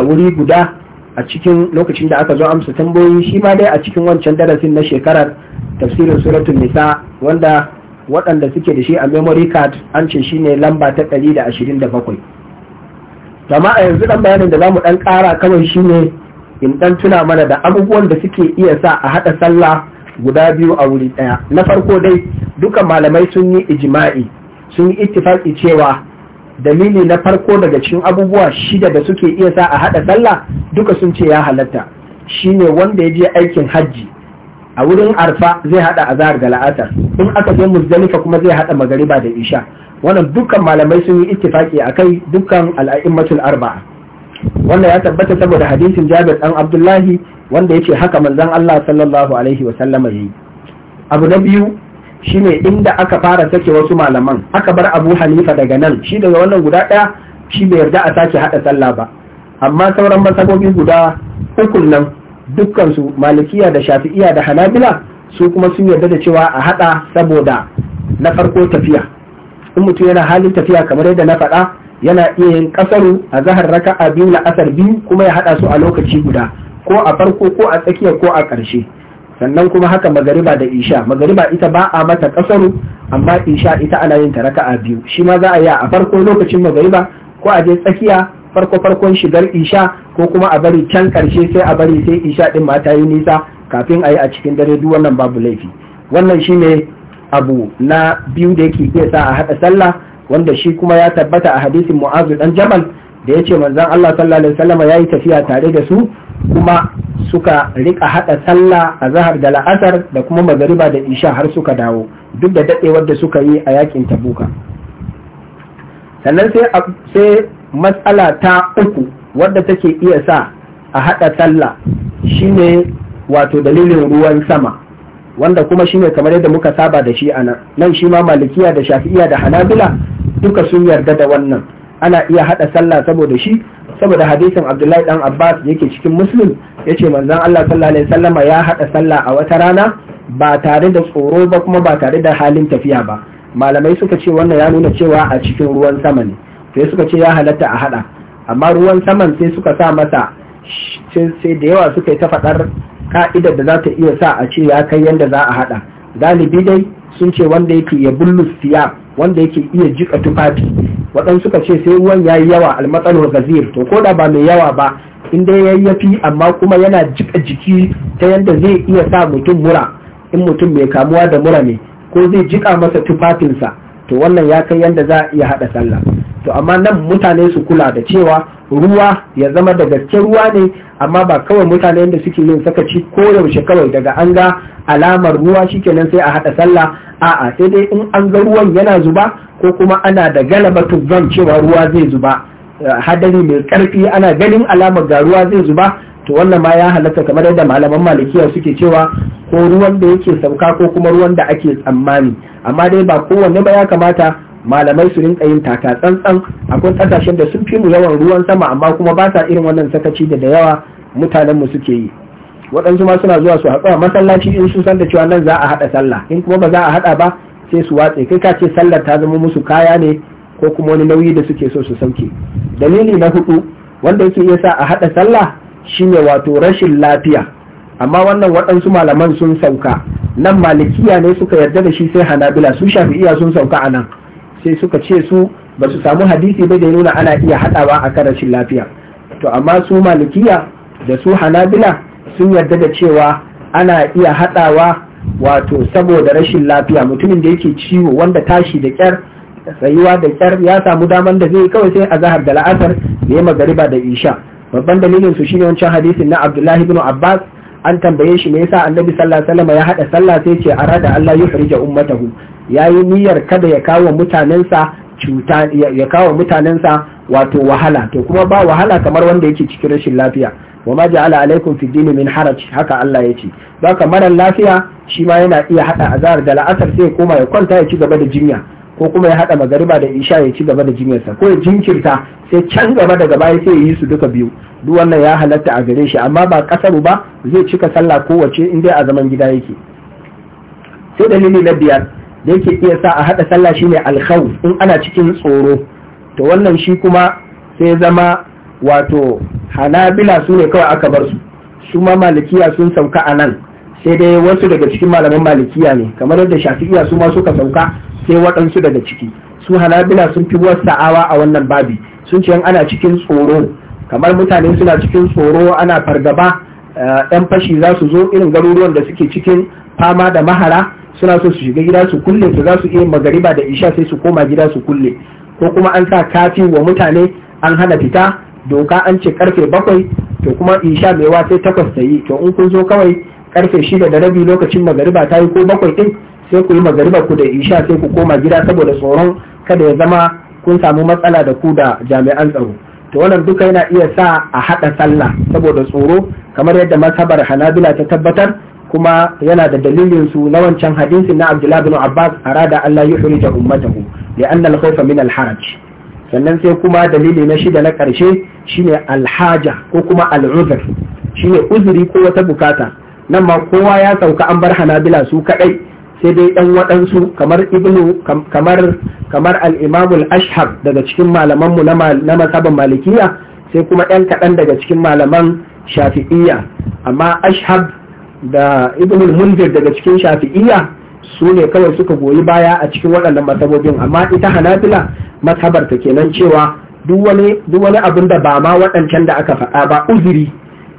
a wuri guda a cikin lokacin da aka zo amsa tambayoyi shi ma dai a cikin wancan darasin na shekarar tafsirin suratun nisa wanda waɗanda suke da shi a memory card an ce shi ne lamba ta da ashirin 127 amma a yanzu dan bayanin da za mu ɗan ƙara kawai shine in dan tuna mana da abubuwan da suke iya sa a haɗa sallah guda biyu a wuri ɗaya na farko dai duka malamai sun yi ijima'i sun yi ittifaki cewa dalili na farko daga cikin abubuwa shida da suke iya sa a haɗa sallah duka sun ce ya halatta shine wanda ya je aikin hajji a wurin arfa zai hada azhar da la'asar in aka je muzdalifa kuma zai hada magariba da isha wannan dukkan malamai sun yi ittifaki akai dukkan al'a'immatul arba'a wannan ya tabbata saboda hadisin Jabir dan Abdullahi wanda ya ce haka manzon Allah sallallahu alaihi wa sallama yi abu na biyu shine inda aka fara sake wasu malaman aka bar Abu Hanifa daga nan shi daga wannan guda ɗaya shi bai yarda a sake haɗa sallah ba amma sauran masabobi guda uku nan dukkan su Malikiya da Shafi'iya da Hanabila su kuma sun yarda da cewa a haɗa saboda na farko tafiya in mutum yana halin tafiya kamar yadda na faɗa yana iya yin kasaru a zahar raka'a biyu na asar biyu kuma ya haɗa su a lokaci guda ko a farko ko a tsakiya ko a ƙarshe sannan kuma haka magariba da isha magariba ita ba a mata kasaru amma isha ita ana yin ta raka'a biyu shi ma za a yi a farko lokacin magariba ko a je tsakiya farko farkon shigar isha ko kuma a bari can ƙarshe sai a bari sai isha ɗin ma ta yi nisa kafin a yi a cikin dare duk wannan babu laifi wannan shi ne abu na biyu da yake iya sa a haɗa sallah wanda shi kuma ya tabbata a hadisin mu'azu dan jabal da ya ce manzon Allah sallallahu alaihi wasallam ya yi tafiya tare da su kuma suka rika hada sallah a zahar da la'asar da kuma magariba da isha har suka dawo duk da dadewar da suka yi a yakin tabuka sannan sai matsala ta uku wadda take iya sa a hada sallah shine wato dalilin ruwan sama wanda kuma shine kamar yadda muka saba da shi a nan nan shi ma malikiya da shafi'iya da hanabila duka sun yarda da wannan ana iya hada sallah saboda shi saboda hadisin abdullahi dan abbas yake cikin ya ce manzon allah sallallahu alaihi wasallama ya hada sallah a wata rana ba tare da tsoro ba kuma ba tare da halin tafiya ba malamai suka ce wannan ya nuna cewa a cikin ruwan sama ne sai suka ce ya halatta a haɗa amma ruwan saman sai suka sa masa sai da yawa suka yi ta faɗar ka'idar da za ta iya sa a ce ya kai yanda za a haɗa galibi dai sun ce wanda yake ya bullu siya wanda yake iya jika tufafi waɗansu suka ce sai ruwan ya yi yawa almatsalar gazir to ko da ba mai yawa ba in dai ya yafi amma kuma yana jika jiki ta yadda zai iya sa mutum mura in mutum mai kamuwa da mura ne ko zai jika masa tufafinsa to wannan ya kai yadda za a iya haɗa sallah to amma nan mutane su kula da cewa ruwa ya zama da gaske ruwa ne amma ba kawai mutane da suke yin sakaci ko yaushe kawai daga an ga alamar ruwa shikenan sai a haɗa sallah a'a sai dai in an ga ruwan yana zuba ko kuma ana da galaba zan cewa ruwa zai zuba eh, hadari mai karfi ana ganin alamar ga ruwa zai zuba to wannan ma ya halatta kamar yadda malaman malikiya suke cewa ko ruwan da yake sauka ko kuma ruwan da ake tsammani amma dai ba kowanne ba ya kamata malamai su rinka yin taka tsantsan akwai kasashen da sun fi mu yawan ruwan sama amma kuma ba sa irin wannan sakaci da da yawa mutanen mu suke yi waɗansu ma suna zuwa su haɗu masallaci in sun san da cewa nan za a haɗa sallah in kuma ba za a haɗa ba sai su watse kai ka ce sallar ta zama musu kaya ne ko kuma wani nauyi da suke so su sauke dalili na hudu wanda yake iya sa a haɗa sallah shine wato rashin lafiya amma wannan waɗansu malaman sun sauka nan malikiya ne suka yarda da shi sai hanabila su shafi'iya sun sauka a nan sai suka ce su ba su samu hadisi ba da nuna ana iya haɗawa a kan rashin lafiya to amma su malikiya da su hanabila sun yarda da cewa ana iya haɗawa wato saboda rashin lafiya mutumin da yake ciwo wanda tashi da kyar tsayuwa da kyar ya samu daman da zai kawai sai a zahar da la'asar da ya magariba da isha babban dalilin su shine wancan hadisin na abdullahi bin abbas an tambaye shi me yasa annabi sallallahu alaihi wasallam ya hada sallah sai ce arada Allah yuhrija ummatahu ya yi niyyar kada ya kawo mutanensa cuta ya kawo mutanensa wato wahala to kuma ba wahala kamar wanda yake cikin rashin lafiya wa ma ja'ala alaikum fi dini min haraj haka Allah ya ce baka maran lafiya shi ma yana iya hada azhar da la'asar sai ya koma ya kwanta ya ci gaba da jinya ko kuma ya hada magariba da isha ya ci gaba da jinyarsa ko ya jinkirta sai can gaba daga baya sai ya yi su duka biyu duk wannan ya halatta a gare shi amma ba kasar ba zai cika sallah kowace in dai a zaman gida yake sai dalili na biyar da yake iya sa a haɗa sallah shine alkhaw in ana cikin tsoro to wannan shi kuma sai zama wato hanabila su ne kawai aka bar su su ma malikiya sun sauka a nan sai dai wasu daga cikin malaman malikiya ne kamar yadda shafi'iya su ma suka sauka sai waɗansu daga ciki su hanabila sun fi wasa'awa a wannan babi sun ce ana cikin tsoro kamar mutane suna cikin tsoro ana fargaba eh, yan fashi za su zo irin garuruwan da suke cikin fama da mahara suna so su shiga gida su kulle su za su iya magariba da isha sai su koma gida su kulle ko kuma an sa kati wa mutane an hana fita doka an ce karfe bakwai to kuma isha mai wa sai takwas ta yi to in kun zo kawai karfe shida da rabi lokacin magariba ta yi ko bakwai din sai ku yi magariba ku da isha sai ku koma gida saboda tsoron kada ya zama kun samu matsala da ku da jami'an tsaro to wannan duka yana iya sa a haɗa sallah saboda tsoro kamar yadda mazhabar hanabila ta tabbatar kuma yana da dalilin su na wancan hadisin na Abdullah bin Abbas arada Allah yuhrija ummatahu li'an al-khawfa min al-haraj sannan sai kuma dalili na shida na karshe shine alhaja ko kuma Al-Uzur, al-udhr shine uzuri ko wata bukata nan ma kowa ya sauka an bar hanabila su kadai sai dai 'yan waɗansu kamar ibnu kamar kamar al-imam al-ashhab daga cikin malaman mu na masaban malikiya sai kuma ɗan kaɗan daga cikin malaman shafi'iyya amma ashhab da ibn mundir daga cikin shafi'iyya su ne kawai suka goyi baya a cikin waɗannan masabobin amma ita hanabila masabar ta kenan cewa duk wani abin da ba ma waɗancan da aka faɗa ba uzuri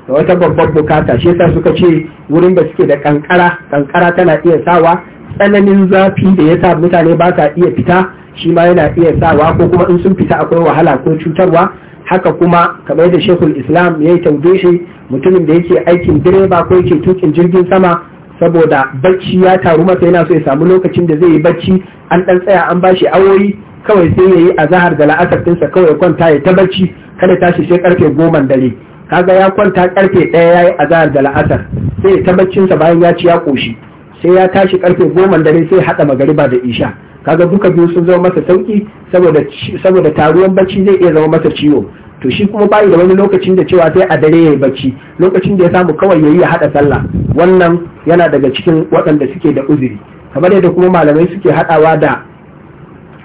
da wata babbar bukata shi yasa suka ce wurin da suke da kankara kankara tana iya sawa tsananin zafi da ya sa mutane ba sa iya fita shi ma yana iya sawa ko kuma in sun fita akwai wahala ko cutarwa haka kuma kamar da shekul islam ya yi taudoshe mutumin da yake aikin direba ko yake tukin jirgin sama saboda bacci ya taru masa yana so ya samu lokacin da zai yi bacci an dan tsaya an bashi awoyi kawai sai ya yi a da la'asar ɗinsa kawai kwanta ya ta bacci kada tashi sai karfe goma dare kaga ya kwanta karfe ɗaya ya yi a da la'asar sai ya ta baccinsa bayan ya ci ya koshi sai ya tashi karfe goma dare sai haɗa magariba da isha kaga duka biyu sun zama masa sauki saboda saboda taruwan bacci zai iya zama masa ciwo to shi kuma bai da wani lokacin da cewa sai a dare ya yayi bacci lokacin da ya samu kawai yayi ya haɗa sallah wannan yana daga cikin waɗanda suke da uzuri kamar yadda kuma malamai suke haɗawa da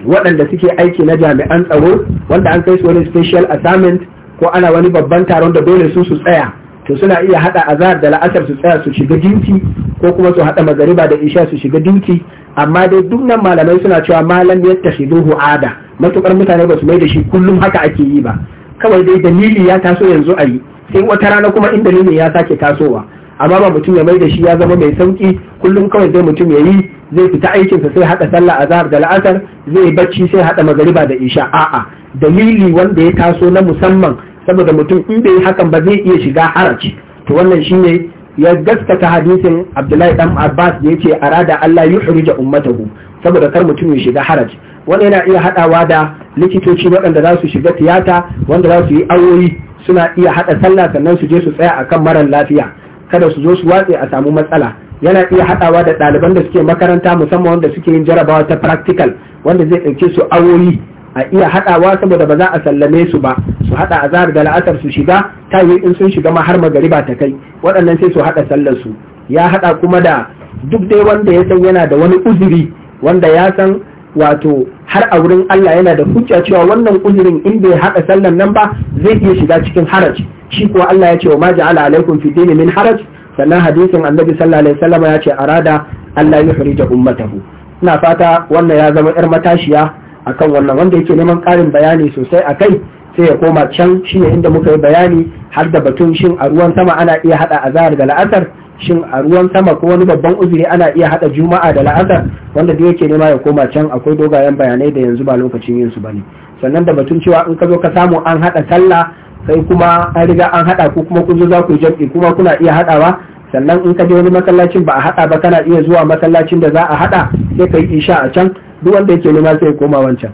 waɗanda suke aiki na jami'an tsaro wanda an kai su wani special assignment ko ana wani babban taron da dole su su tsaya to suna iya hada azhar da la'asar su tsaya su shiga dinki ko kuma su hada magariba da isha su shiga dinki amma dai duk nan malamai suna cewa malam ya tashiduhu ada matukar mutane ba su mai da shi kullum haka ake yi ba kawai dai dalili ya taso yanzu a yi sai wata rana kuma in dalilin ya sake tasowa amma ba mutum ya mai da shi ya zama mai sauki kullum kawai dai mutum ya yi zai fita aikinsa sai haɗa sallah azhar da la'asar zai bacci sai haɗa magariba da isha a'a dalili wanda ya taso na musamman saboda mutum in bai hakan ba zai iya shiga haraci to wannan shine ya gaskata hadisin Abdullahi dan Abbas da a rada Allah yuhrija ummatahu saboda kar mutum ya shiga haraci wannan yana iya hadawa da likitoci waɗanda za su shiga tiyata wanda za su yi awoyi suna iya haɗa sallah sannan su je su tsaya akan marar lafiya kada su zo su watse a samu matsala yana iya haɗawa da ɗaliban da suke makaranta musamman wanda suke yin jarabawa ta practical wanda zai ɗauke su awoyi a iya haɗawa saboda ba za a sallame su ba su haɗa a zahar da la'asar su shiga ta yi in sun shiga ma har magari ba ta kai waɗannan sai su haɗa sallar su ya haɗa kuma da duk dai wanda ya san yana da wani uzuri wanda ya san wato har a wurin Allah yana da hujja cewa wannan uzurin in bai haɗa sallar nan ba zai iya shiga cikin haraj shi kuwa Allah ya ce wa ma ja'ala alaikum fi dini min haraj sannan hadisin annabi sallallahu alaihi wasallam ya ce arada Allah ya hurija ummatahu ina fata wannan ya zama yar matashiya akan wannan wanda yake neman ƙarin bayani sosai a kai sai ya koma can shi ne inda muka yi bayani har da batun shin a ruwan sama ana iya a azahar da la'asar shin a ruwan sama ko wani babban uzuri ana iya haɗa juma'a da la'asar wanda da yake nema ya koma can akwai dogayen bayanai da yanzu ba lokacin yin su bane sannan da batun cewa in ka zo ka samu an haɗa sallah sai kuma an riga an haɗa ko kuma kun zo za ku yi jam'i kuma kuna iya haɗawa? sannan in ka je wani masallacin ba a haɗa ba kana iya zuwa masallacin da za a hada sai ka yi isha a can duk wanda yake nema sai koma wancan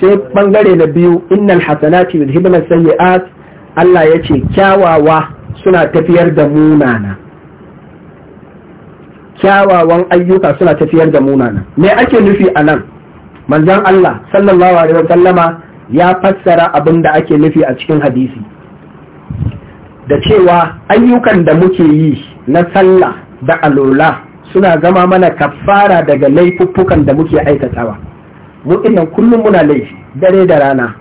sai bangare na biyu innal hasanati yudhibna sayyi'at Allah yace kyawawa suna tafiyar da munana kyawawan ayyuka suna tafiyar da munana me ake nufi a nan manzon Allah sallallahu alaihi wasallama ya fassara abin da ake nufi a cikin hadisi da cewa ayyukan da muke yi na sallah da alola suna zama mana kafara daga laifuffukan da muke aikatawa mu dinnan kullum muna laifi dare da rana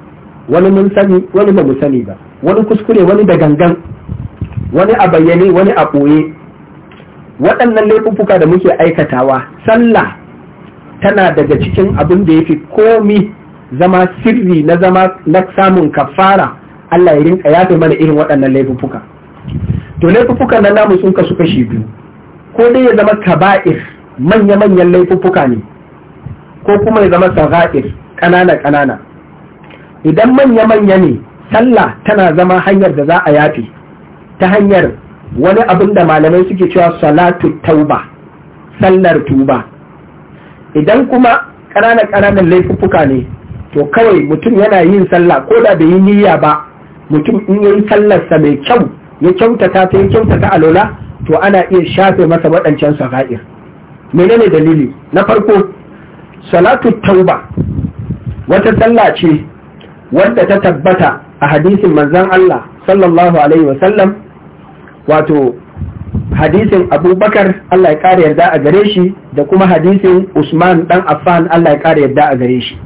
wani mun sani wani ba mu sani ba wani kuskure wani da gangan wani a bayyane wani a ɓoye waɗannan laifuffuka da muke aikatawa sallah tana daga cikin abin da ya fi komi zama sirri na zama na samun kafara Allah ya rinka yafe mana irin waɗannan laifuffuka to laifuffukan na namu sun kasu kashi biyu ko dai ya zama kaba'ir manya-manyan laifuffuka ne ko kuma ya zama saba'ir ƙanana-ƙanana idan manya-manya ne sallah tana zama hanyar da za a yafi ta hanyar wani abin da malamai suke cewa salatu tauba sallar tuba idan kuma ƙananan-ƙananan laifuffuka ne to kawai mutum yana yin sallah ko da bai yi niyya ba mutum in yi sallarsa mai kyau ya kyautata ta ya kyautata alola to ana iya shafe masa waɗancan sara'ir menene dalili na farko salatu tauba wata sallah ce wadda ta tabbata a hadisin manzan Allah sallallahu alaihi wasallam wato hadisin abubakar Allah ya ƙara yarda a gare shi da kuma hadisin usman dan affan Allah ya ƙara yarda a gare shi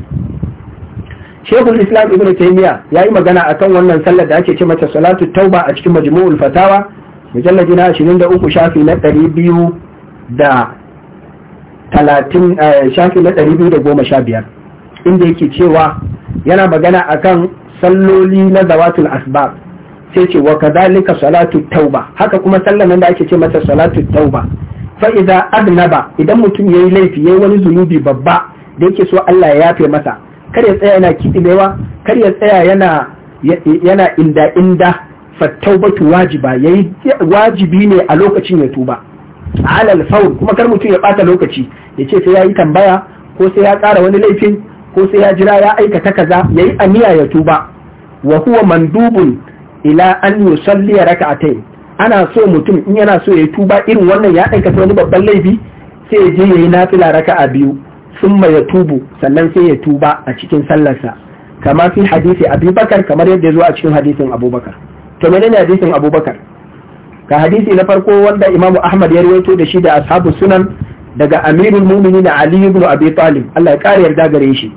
shekul islam ibn taymiya ya yi magana akan wannan sallar da ake ce mata salatu tauba a cikin majmu'ul fatawa mujallaji na 23 shafi na 200 da 30 eh, shafi na 215 inda yake cewa yana magana akan salloli na zawatul asbab sai ce wa kazalika salatu tauba haka kuma sallan da ake ce mata salatu tauba fa idza adnaba idan mutum yayi laifi yayi wani zunubi babba da yake so Allah ya yafe masa kar ya tsaya yana kidibewa kar ya tsaya yana yana inda inda fattaubatu wajiba ya yi wajibi ne a lokacin ya tuba alal faul kuma kar mutum ya ɓata lokaci ya ce sai ya yi tambaya ko sai ya ƙara wani laifin ko sai ya jira ya aikata kaza ya yi aniya ya tuba wa huwa mandubun ila an yusalli raka'atayn ana so mutum in yana so ya tuba irin wannan ya aikata wani babban laifi sai ya je ya yi nafila raka'a biyu summa ya tubu sannan sai ya tuba a cikin sallarsa kama fi hadisi abubakar kamar yadda ya zo a cikin hadisin abubakar to ne hadisin abubakar ga hadisi na farko wanda imamu ahmad ya rawaito da shi da ashabu sunan daga amirul mu'minin ali ibn abi talib Allah ya kare yarda gare shi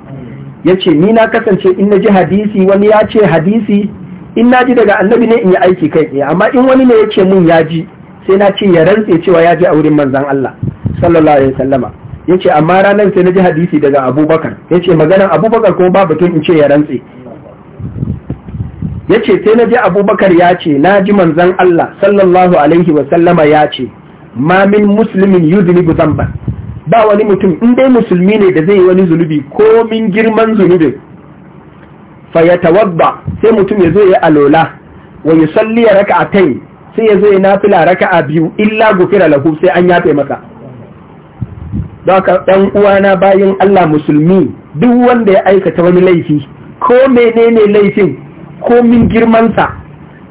yace ni na kasance in na ji hadisi wani ya ce hadisi in na ji daga annabi ne in yi aiki kai tsaye amma in wani ne ya ce mun ya ji sai na ce ya rantse cewa ya ji a wurin manzan Allah sallallahu alaihi wasallama yace amma ranar sai na ji hadisi daga abubakar yace maganar abubakar ko ba batun in ce ya rantse ya ce sai na ji abubakar ya ce na ji manzan Allah sallallahu alaihi wasallama ya ce ma min musulmin yuzunibu zamban ba wani mutum in dai musulmi ne da zai yi wani zunubi ko min girman zunubi. fa ya tawabba, sai mutum ya zo ya alola wa ya salli ya raka a tai sai ya zo ya nafila raka a biyu illa gufira lahu sai an yafe maka. ɗan uwana bayan Allah musulmi duk wanda ya aikata wani laifi ko menene laifin komin girmansa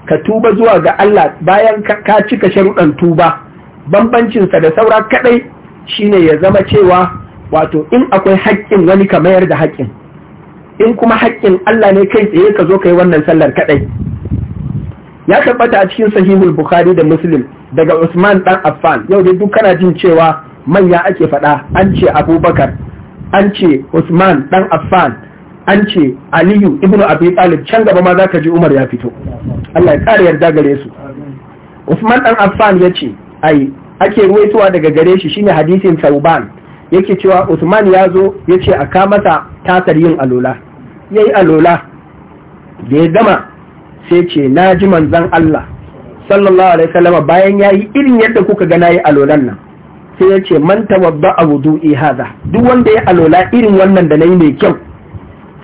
ka tuba zuwa ga Allah bayan ka cika sharuɗan tuba bambancinsa da saura kaɗai shine ya zama cewa wato in akwai haƙƙin wani ka mayar da haƙƙin in kuma haƙƙin Allah ne kai tsaye ka zo ka yi wannan sallar kaɗai ya tabbata a cikin sahihul bukhari da muslim daga usman Ɗan affan yau dai duk kana jin cewa manya ake faɗa an ce abubakar an ce usman Ɗan affan an ce aliyu ibnu abi talib can gaba ma za ka ji umar ya fito allah ya kare yarda gare su usman ɗan affan ya ce ai ake ruwaitowa daga gare shi shine hadisin sauban yake cewa usman ya zo ya ce a kamata tasar yin alola ya yi alola da ya gama sai ce na ji manzan allah sallallahu alaihi wasallam bayan ya yi irin yadda kuka gana na yi alolan nan sai ya ce man tawadda a wudu'i hada duk wanda ya alola irin wannan da na yi mai kyau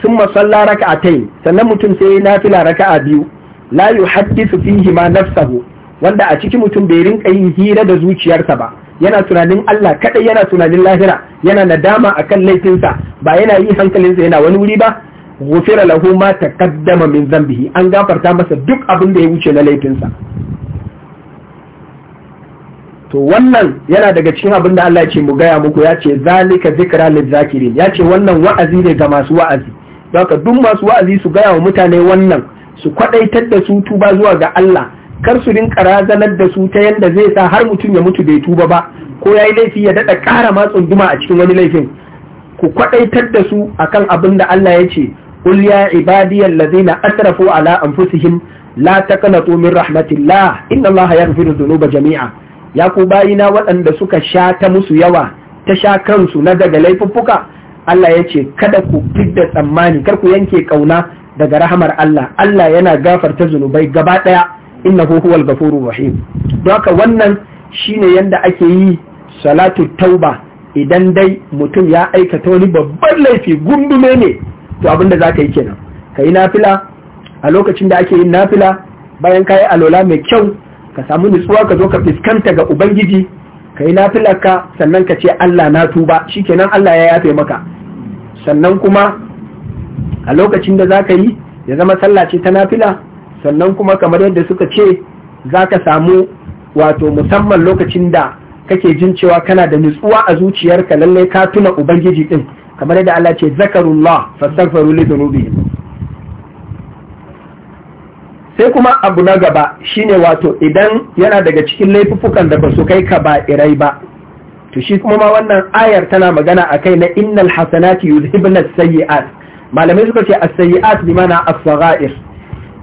sun masalla raka'atain sannan mutum sai ya nafila a biyu la fi fihi ma nafsahu wanda a ciki mutum bai rinka yin hira da zuciyarsa ba yana tunanin Allah kaɗai yana tunanin lahira yana nadama a kan laifinsa ba yana yi hankalinsa yana wani wuri ba gofira lahu ma taqaddama min zambihi an gafarta masa duk abin da ya wuce na laifinsa to wannan yana daga cikin abin da Allah ya ce mu gaya muku ya ce zalika zikra lil zakirin ya ce wannan wa'azi ne ga masu wa'azi haka duk masu wa'azi su gaya wa mutane wannan su kwadaitar da su tuba zuwa ga Allah kar su rinka razanar da su ta yadda zai sa har mutum ya mutu bai tuba ba ko yayi laifi ya dada ƙara ma tsunduma a cikin wani laifin ku kwadaitar da su akan abin da Allah ya ce qul ya ibadiyal ladzina asrafu ala anfusihim la taqnatu min rahmatillah inna Allah yaghfiru dhunuba jami'a ya ku bayina waɗanda suka sha ta musu yawa ta sha kansu na daga laifuffuka Allah ya ce kada ku fidda tsammani kar ku yanke kauna daga rahamar Allah Allah yana gafarta zunubai gaba ɗaya in huwal gafuru rahim don haka wannan shine yanda ake yi salatu tauba idan dai mutum ya aikata wani babban laifi gundume ne to abinda za ka yi kenan ka yi nafila a lokacin da ake yin nafila bayan ka yi alola mai kyau ka samu nutsuwa ka zo ka fuskanta ga ubangiji ka yi ka sannan ka ce Allah na tuba Shi kenan Allah ya yafe maka sannan kuma a lokacin da za ka yi ya zama sallah ce ta nafila sannan kuma kamar yadda suka ce za ka samu wato musamman lokacin da kake jin cewa kana da nutsuwa a zuciyarka lallai ka tuna ubangiji din kamar yadda Allah ce zakarullah fastaghfiru li dhunubihim sai kuma abu na gaba shine wato idan yana daga cikin laifuffukan da ba su kai ka ba irai ba to shi kuma ma wannan ayar tana magana akai na innal hasanati yuzhibna as-sayyi'at malamai suka ce as-sayyi'at bi mana as-sagha'ir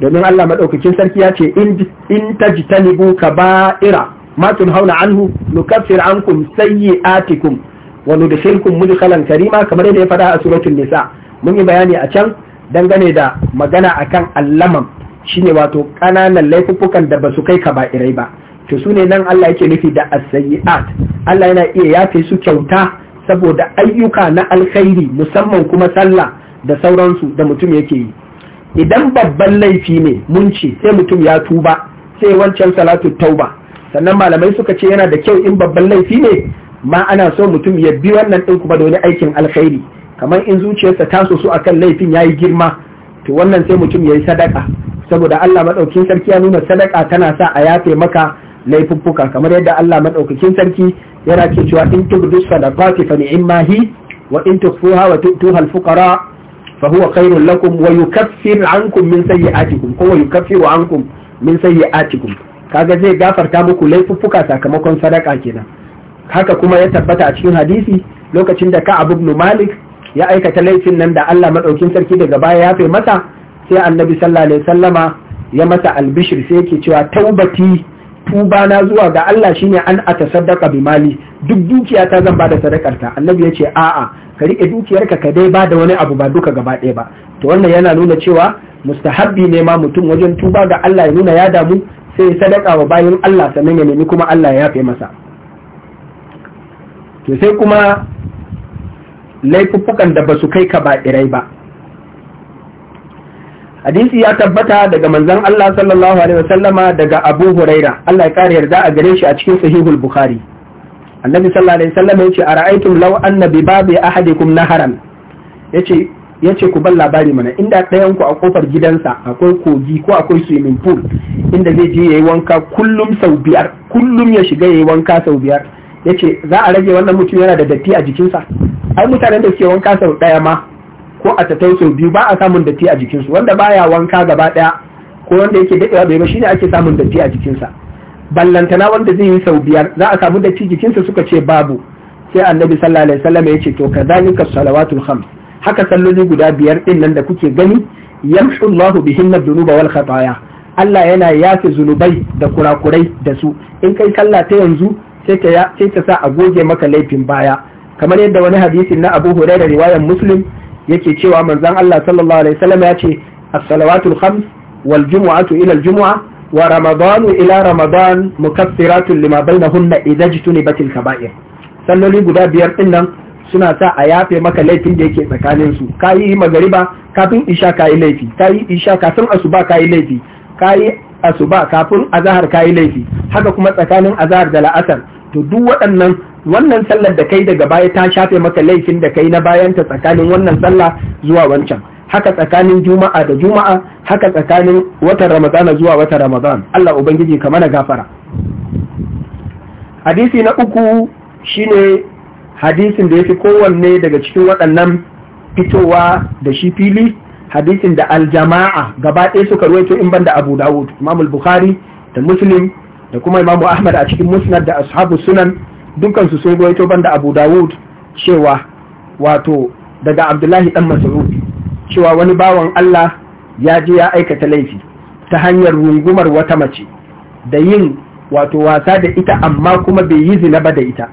domin Allah madaukakin sarki ya ce in tajtanibu kaba'ira ma tunhauna anhu nukaffir ankum sayyi'atikum wa nudkhilkum mudkhalan karima kamar yadda ya fada a suratul nisa mun yi bayani a can dangane da magana akan allamam shine wato kananan laifuffukan da basu kai kaba'irai ba to su ne nan Allah yake nufi da asayi'at Allah yana iya yafe su kyauta saboda ayyuka na alkhairi musamman kuma sallah da sauransu da mutum yake yi idan babban laifi ne mun ce sai mutum ya tuba sai wancan salatu tauba sannan malamai suka ce yana da kyau in babban laifi ne ma ana so mutum ya bi wannan din kuma da aikin alkhairi kamar in zuciyarsa ta so su akan laifin yayi girma to wannan sai mutum yayi sadaka saboda Allah madaukin sarki ya nuna sadaka tana sa a yafe maka laifuffuka kamar yadda Allah madaukakin sarki yana ce cewa in tubdu sadaqati fa ni'ma hi wa in tukfuha wa tu'tuha al-fuqara fa huwa khairul lakum wa yukaffir ankum min sayyi'atikum ko wa yukaffiru ankum min sayyi'atikum kaga zai gafarta muku laifuffuka sakamakon sadaka kenan haka kuma ya tabbata a cikin hadisi lokacin da Ka'ab ibn Malik ya aikata laifin nan da Allah maɗaukin sarki daga baya ya fe masa sai Annabi sallallahu alaihi wasallama ya masa albishir sai yake cewa taubati tuba na zuwa ga Allah shine an atasaddaqa bi mali duk dukiya ta zan bada sadakar ta annabi ya ce a'a ka rike dukiyarka ka dai bada wani abu ba duka gaba ɗaya ba to wannan yana nuna cewa mustahabbi ne ma mutum wajen tuba ga Allah ya nuna ya damu sai sadaka wa bayan Allah sannan ya nemi kuma Allah ya yafe masa to sai kuma laifuffukan da basu kai ka ba irai ba hadisi ya tabbata daga manzon Allah sallallahu alaihi wasallama daga Abu Huraira Allah ya kare yarda a gare shi a cikin sahihul Bukhari annabi sallallahu alaihi wasallama yace ara'aytum law anna bi babi ahadikum naharan yace yace ku ban labari mana inda ɗayan ku a kofar gidansa akwai kogi ko akwai swimming pool inda zai je yayi wanka kullum sau biyar kullum ya shiga yayi wanka sau biyar yace za a rage wannan mutum yana da datti a jikinsa ai mutanen da suke wanka sau ɗaya ma ko a tattau sau biyu ba a samun datti a jikinsu wanda baya wanka gaba ɗaya ko wanda yake daɗewa bai ba shine ake samun datti a jikinsa ballantana wanda zai yi sau biyar za a samu datti jikinsa suka ce babu sai annabi sallallahu alaihi wasallam ya ce to kadhalika salawatul khams haka salloli guda biyar din nan da kuke gani yamshu Allahu bihin dhunuba wal khataaya Allah yana yafe zunubai da kurakurai da su in kai sallah ta yanzu sai ta sai ta sa a goge maka laifin baya kamar yadda wani hadisin na Abu Hurairah riwayar Muslim yake cewa manzon Allah sallallahu alaihi wasallam ya ce asalawatul khams wal jumu'atu ila al-jumu'a wa ramadanu ila ramadan mukaffiratun lima bainahunna idza jtunibatil kaba'ir salloli guda biyar din nan suna sa a yafe maka laifin da yake tsakanin su kayi magariba kafin isha kayi laifi kayi isha kafin asuba kayi laifi kayi asuba kafin azahar kayi laifi haka kuma tsakanin azahar da la'asar to duk waɗannan wannan sallar da kai daga baya ta shafe maka laifin da kai na bayanta tsakanin wannan sallah zuwa wancan haka tsakanin juma'a da juma'a haka tsakanin watan ramadana zuwa watan ramadan Allah ubangiji ka mana gafara hadisi na uku shine hadisin da ya fi kowanne daga cikin waɗannan fitowa da shi fili hadisin da aljama'a gaba ɗaya suka ruwaito in banda abu dawud imam bukhari da muslim da kuma imam ahmad a cikin musnad da ashabu sunan dukansu sun ruwaito banda abu dawud cewa wato daga abdullahi dan mas'ud cewa wani bawan allah ya je ya aikata laifi ta hanyar rungumar wata mace da yin wato wasa da ita amma kuma bai yi zina ba da ita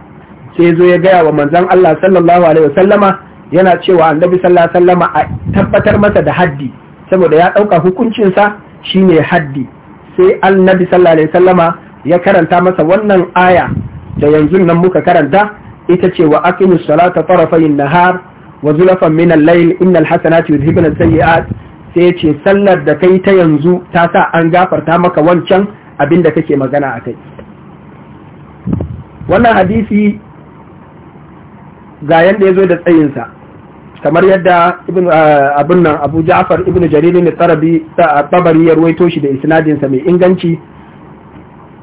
sai zo ya gaya wa manzon allah sallallahu alaihi wasallama yana cewa annabi sallallahu alaihi wasallama a tabbatar masa da haddi saboda ya ɗauka sa shine haddi sai annabi sallallahu alaihi wasallama ya karanta masa wannan aya da yanzu nan muka karanta ita ce wa aqimu salata tarafayn nahar wa zulafan min al-layl innal hasanati yudhibna as-sayyi'at sai ce sallar da kai ta yanzu ta sa an gafarta maka wancan abin da kake magana akai wannan hadisi ga yanda yazo da tsayin sa kamar yadda ibn ah, abun nan Abu Ja'far ibnu Jarir ne Tarabi ta Tabari ya ruwaito shi da isnadin sa mai inganci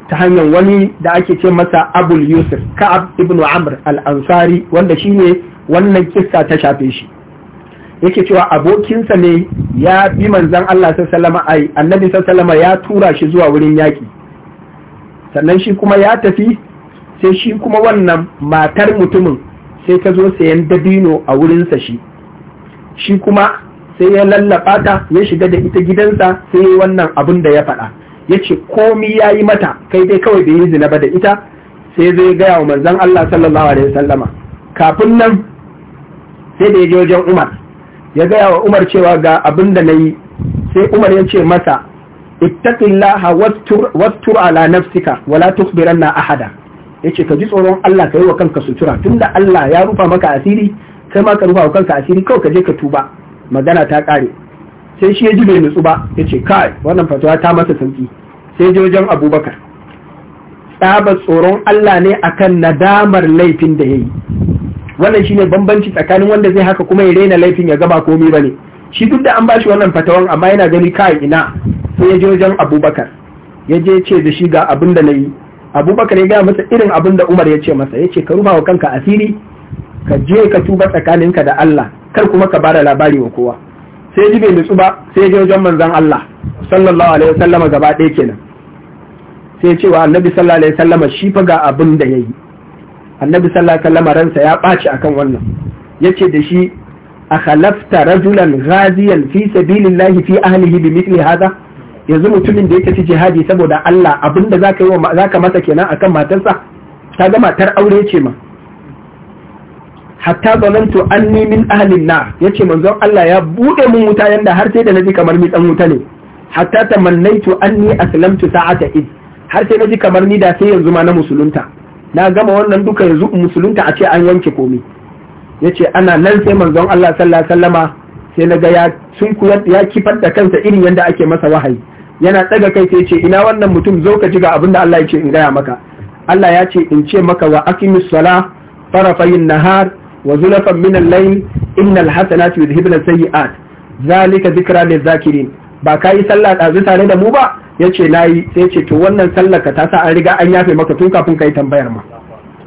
ta hanyar wani da ake ce masa abul yusuf ka'ab ibn amr al-ansari wanda shine wannan kissa ta shafe shi yake cewa abokinsa ne ya bi manzan Allah sallama ai annabi sallama ya tura shi zuwa wurin yaƙi sannan shi kuma ya tafi sai shi kuma wannan matar mutumin sai ta zo sayan dabino a wurinsa shi shi kuma sai ya lallaba ta ya shiga da ita gidansa sai wannan abin da ya faɗa Ya ce komi ya yi mata kai dai kawai bai yi zina ba da ita sai zai gaya wa manzon Allah sallallahu alaihi wasallama kafin nan sai da ya je wajen Umar ya gaya wa Umar cewa ga abin da nayi sai Umar ya ce masa ittaqillaha wastur ala nafsika wala tukhbiranna ahada yace ka ji tsoron Allah ka yi wa kanka sutura tunda Allah ya rufa maka asiri kai ma ka rufa wa kanka asiri kawai ka je ka tuba magana ta ƙare. sai shi ya ji bai nutsu ba ya ce kai wannan fatawa ta masa sauki sai je wajen abubakar tsaba tsoron Allah ne akan nadamar laifin da ya yi wannan shine bambanci tsakanin wanda zai haka kuma ya raina laifin ya gaba komai ba ne shi duk da an ba shi wannan fatawan amma yana gani kai ina sai ya je wajen abubakar ya je ce da shi ga abin da na yi abubakar ya gaya masa irin abin da umar ya ce masa ya ce ka rufa wa kanka asiri ka je ka tuba tsakaninka da Allah kar kuma ka bada labari wa kowa sai ji bai nutsu ba sai je wajen manzon Allah sallallahu alaihi wasallama gaba ɗaya kenan sai cewa annabi sallallahu alaihi wasallama shi fa ga abin da yayi annabi sallallahu alaihi wasallama ransa ya ɓaci akan wannan yace da shi a khalafta rajulan ghaziyan fi sabilillahi fi ahlihi bi mithli hadha yanzu mutumin da ya ci jihadi saboda Allah abinda zaka yi wa zaka masa kenan akan matarsa ta ga matar aure ce ma hatta zamantu anni min ahlin nar yace manzon Allah ya bude mun wuta yanda har sai da naji kamar ni dan wuta ne hatta tamannaitu anni aslamtu sa'ata id har sai naji kamar ni da sai yanzu ma na musulunta na gama wannan duka yanzu musulunta a ce an yanke komai yace ana nan sai manzon Allah sallallahu alaihi wasallama sai naga ya ya kifar da kansa irin yanda ake masa wahayi yana tsaga kai sai ce ina wannan mutum zo ka ji ga abin da Allah ya ce in gaya maka Allah ya ce in ce maka wa aqimis sala farafayin nahar wa zulafan min al-layl innal hasanatu yudhibna sayyi'at zalika dhikra lil-zakirin ba ka yi sallah ɗazu tare da mu ba ya ce na yi sai to wannan sallar ka ta sa an riga an yafe maka tun kafin ka yi tambayar ma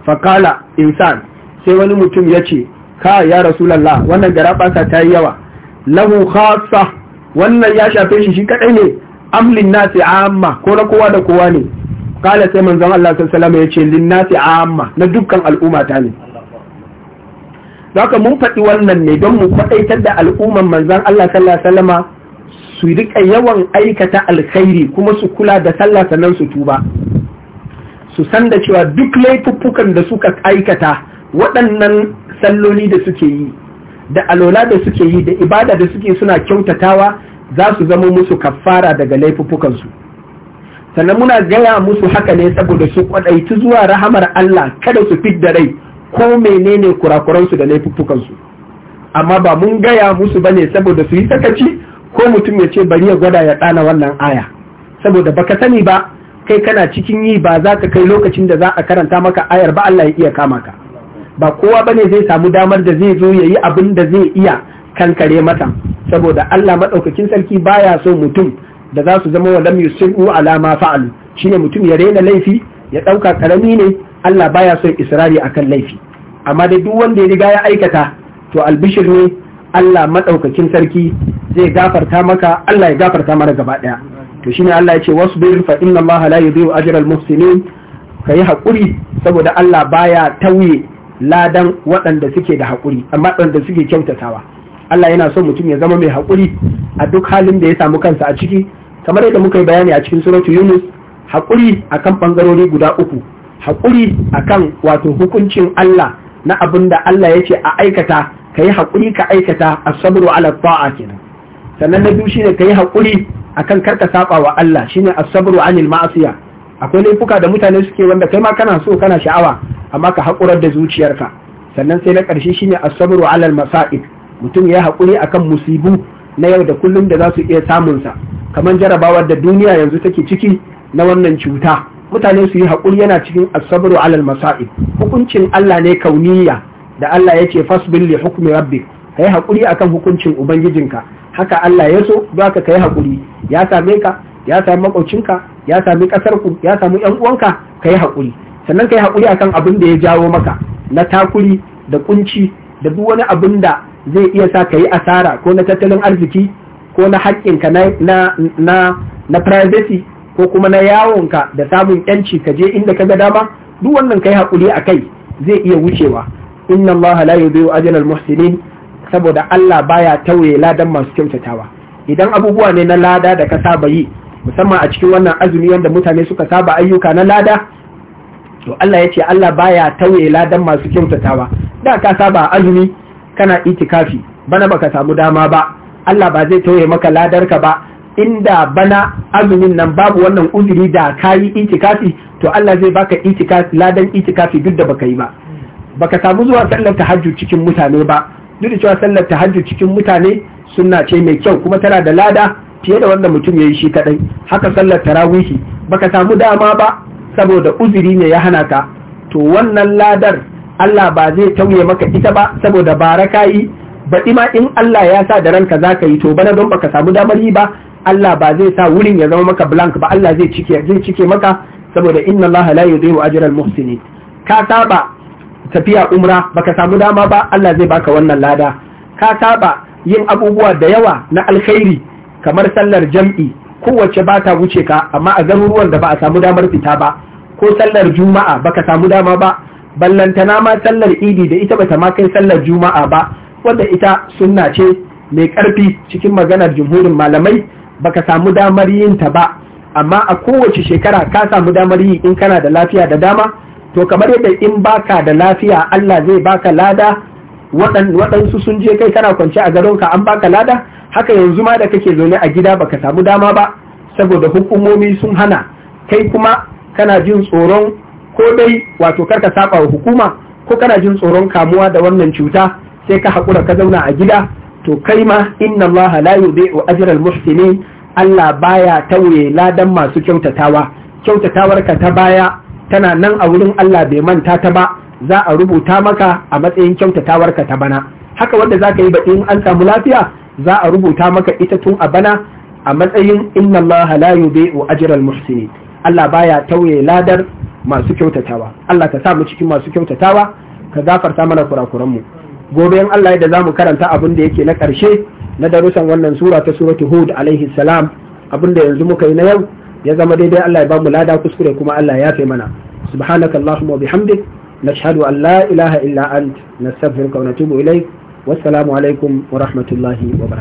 fakala insan sai wani mutum ya ce ka ya rasulallah wannan garaɓasa ta yi yawa lahu khassa wannan ya shafe shi shi kadai ne amlin a amma ko na kowa da kowa ne kala sai manzon Allah sallallahu alaihi ya ce lin nasi amma na dukkan al'ummata ne haka mun faɗi wannan ne don mu faɗaitar da al'umman manzan Allah sallallahu alaihi wasallama su rika yawan aikata alkhairi kuma su kula da sallah sannan su tuba su san da cewa duk laifuffukan da suka aikata waɗannan salloli da suke yi da alola da suke yi da ibada da suke suna kyautatawa za su zama musu kaffara daga laifuffukansu sannan muna gaya musu haka ne saboda su kwadaitu zuwa rahamar Allah kada su fit da rai ko menene kurakuransu da laifuffukansu amma ba mun gaya musu ba ne saboda su yi sakaci ko mutum ya ce bari ya gwada ya ɗana wannan aya saboda baka sani ba kai kana cikin yi ba za ka kai lokacin da za a karanta maka ayar ba Allah ya iya kama ka ba kowa ba ne zai samu damar da zai zo ya yi abin da zai iya kankare mata saboda Allah maɗaukakin sarki baya so mutum da za su zama wa lam ala alama fa'alu shine mutum ya rena laifi ya ɗauka karami ne Allah baya son israri akan laifi amma dai duk wanda ya riga ya aikata to albishir ne Allah madaukakin sarki zai gafarta maka Allah ya gafarta mara gaba daya to shine Allah ya ce wasbir fa inna Allah la yudhi'u ajra al-muhsinin kayi hakuri saboda Allah baya tauye ladan waɗanda suke da hakuri amma waɗanda suke kyautatawa Allah yana son mutum ya zama mai hakuri a duk halin da ya samu kansa a ciki kamar yadda muka yi bayani a cikin suratu Yunus hakuri akan ɓangarori guda uku haƙuri akan wato hukuncin Allah na abin da Allah ya ce a aikata ka yi haƙuri ka aikata a sabru ala ta'a kenan sannan na biyu shine ka yi haƙuri akan karka saba wa Allah shine as wa anil ma'asiya akwai laifuka da mutane suke wanda kai ma kana so kana sha'awa amma ka haƙurar da zuciyarka sannan sai na ƙarshe shine a sabru ala masaib mutum ya haƙuri akan musibu na yau da kullum da za su iya samunsa kamar jarabawar da duniya yanzu take ciki na wannan cuta mutane su yi haƙuri yana cikin asabaru alal masa'ib hukuncin Allah ne kauniya da Allah ya ce fasbir li hukmi rabbi kai haƙuri akan hukuncin ubangijinka haka Allah ya so don haka kai haƙuri ya same ka ya sami makocinka ya sami ƙasarku, ya sami yan uwanka kai haƙuri sannan kai haƙuri akan abin da ya jawo maka na takuri da kunci da duk wani abin da zai iya sa ka yi asara ko na tattalin arziki ko na haƙƙinka na na na privacy ko kuma na yawonka da samun yanci ka je inda ka ga dama duk wannan kai hakuri a kai zai iya wucewa inna Allah la yudhi'u ajra muhsinin saboda Allah baya tauye ladan masu kyautatawa idan abubuwa ne na lada da ka saba yi musamman a cikin wannan azumi wanda mutane suka saba ayyuka na lada to Allah ya ce Allah baya tauye ladan masu kyautatawa da ka saba azumi kana itikafi bana baka samu dama ba Allah ba zai tauye maka ladarka ba inda bana azumin nan babu wannan uzuri da kayi itikafi to Allah zai baka itikafi ladan itikafi duk da baka yi ba baka samu zuwa sallar tahajjud cikin mutane ba duk da cewa sallar tahajjud cikin mutane sunna ce mai kyau kuma tana da lada fiye da wanda mutum ya yi shi kadai haka sallar tarawihi baka samu dama ba saboda uzuri ne ya hana ka to wannan ladar Allah ba zai tauye maka ita ba saboda bara yi. baɗi ma in Allah ya sa da ranka za ka yi to bana don baka samu damar yi ba Allah ba zai sa wurin ya zama maka blank ba Allah zai cike zai cike maka saboda inna Allah la yudhi'u al muhsinin ka saba tafiya umra baka samu dama ba Allah zai baka wannan lada ka saba yin abubuwa da yawa na alkhairi kamar sallar jam'i kowace ba ta wuce ka amma a garuruwan da ba a samu damar fita ba ko sallar juma'a baka samu dama ba ballantana ma sallar idi da ita bata ma kai sallar juma'a ba wanda ita sunna ce mai karfi cikin maganar jumhurin malamai baka samu damar yin ta ba amma a kowace shekara ka samu damar yi in kana da lafiya da dama to kamar yadda in baka da lafiya Allah zai baka lada waɗansu sun je kai kana kwance a ka an baka lada haka yanzu ma da kake zaune a gida baka samu dama ba saboda hukumomi sun hana kai kuma kana jin tsoron ko dai wato karka saba wa hukuma ko kana jin tsoron kamuwa da wannan cuta sai ka haƙura ka zauna a gida to kai ma inna allaha la yudhi'u ajral muhsinin Allah baya tauye ladan masu kyautatawa kyautatawarka ta baya tana nan a wurin Allah bai manta ta ba za a rubuta maka a matsayin kyautatawarka ta bana haka wanda za ka yi baɗi an samu lafiya za a rubuta maka ita tun a bana a matsayin inna Allah la yudhi'u ajral muhsinin Allah baya tauye ladar masu kyautatawa Allah ka sa mu cikin masu kyautatawa ka gafarta mana kurakuranmu gobe in Allah da zamu karanta abin da yake na karshe na darussan wannan sura ta suratu hud alaihi salam abin da yanzu muka yi na yau ya zama daidai Allah ya bamu lada kuskure kuma Allah ya fi mana subhanaka allahumma bihamdik nashhadu an la ilaha illa ant nastaghfiruka wa natubu ilaik wassalamu alaikum wa rahmatullahi wa barakatuh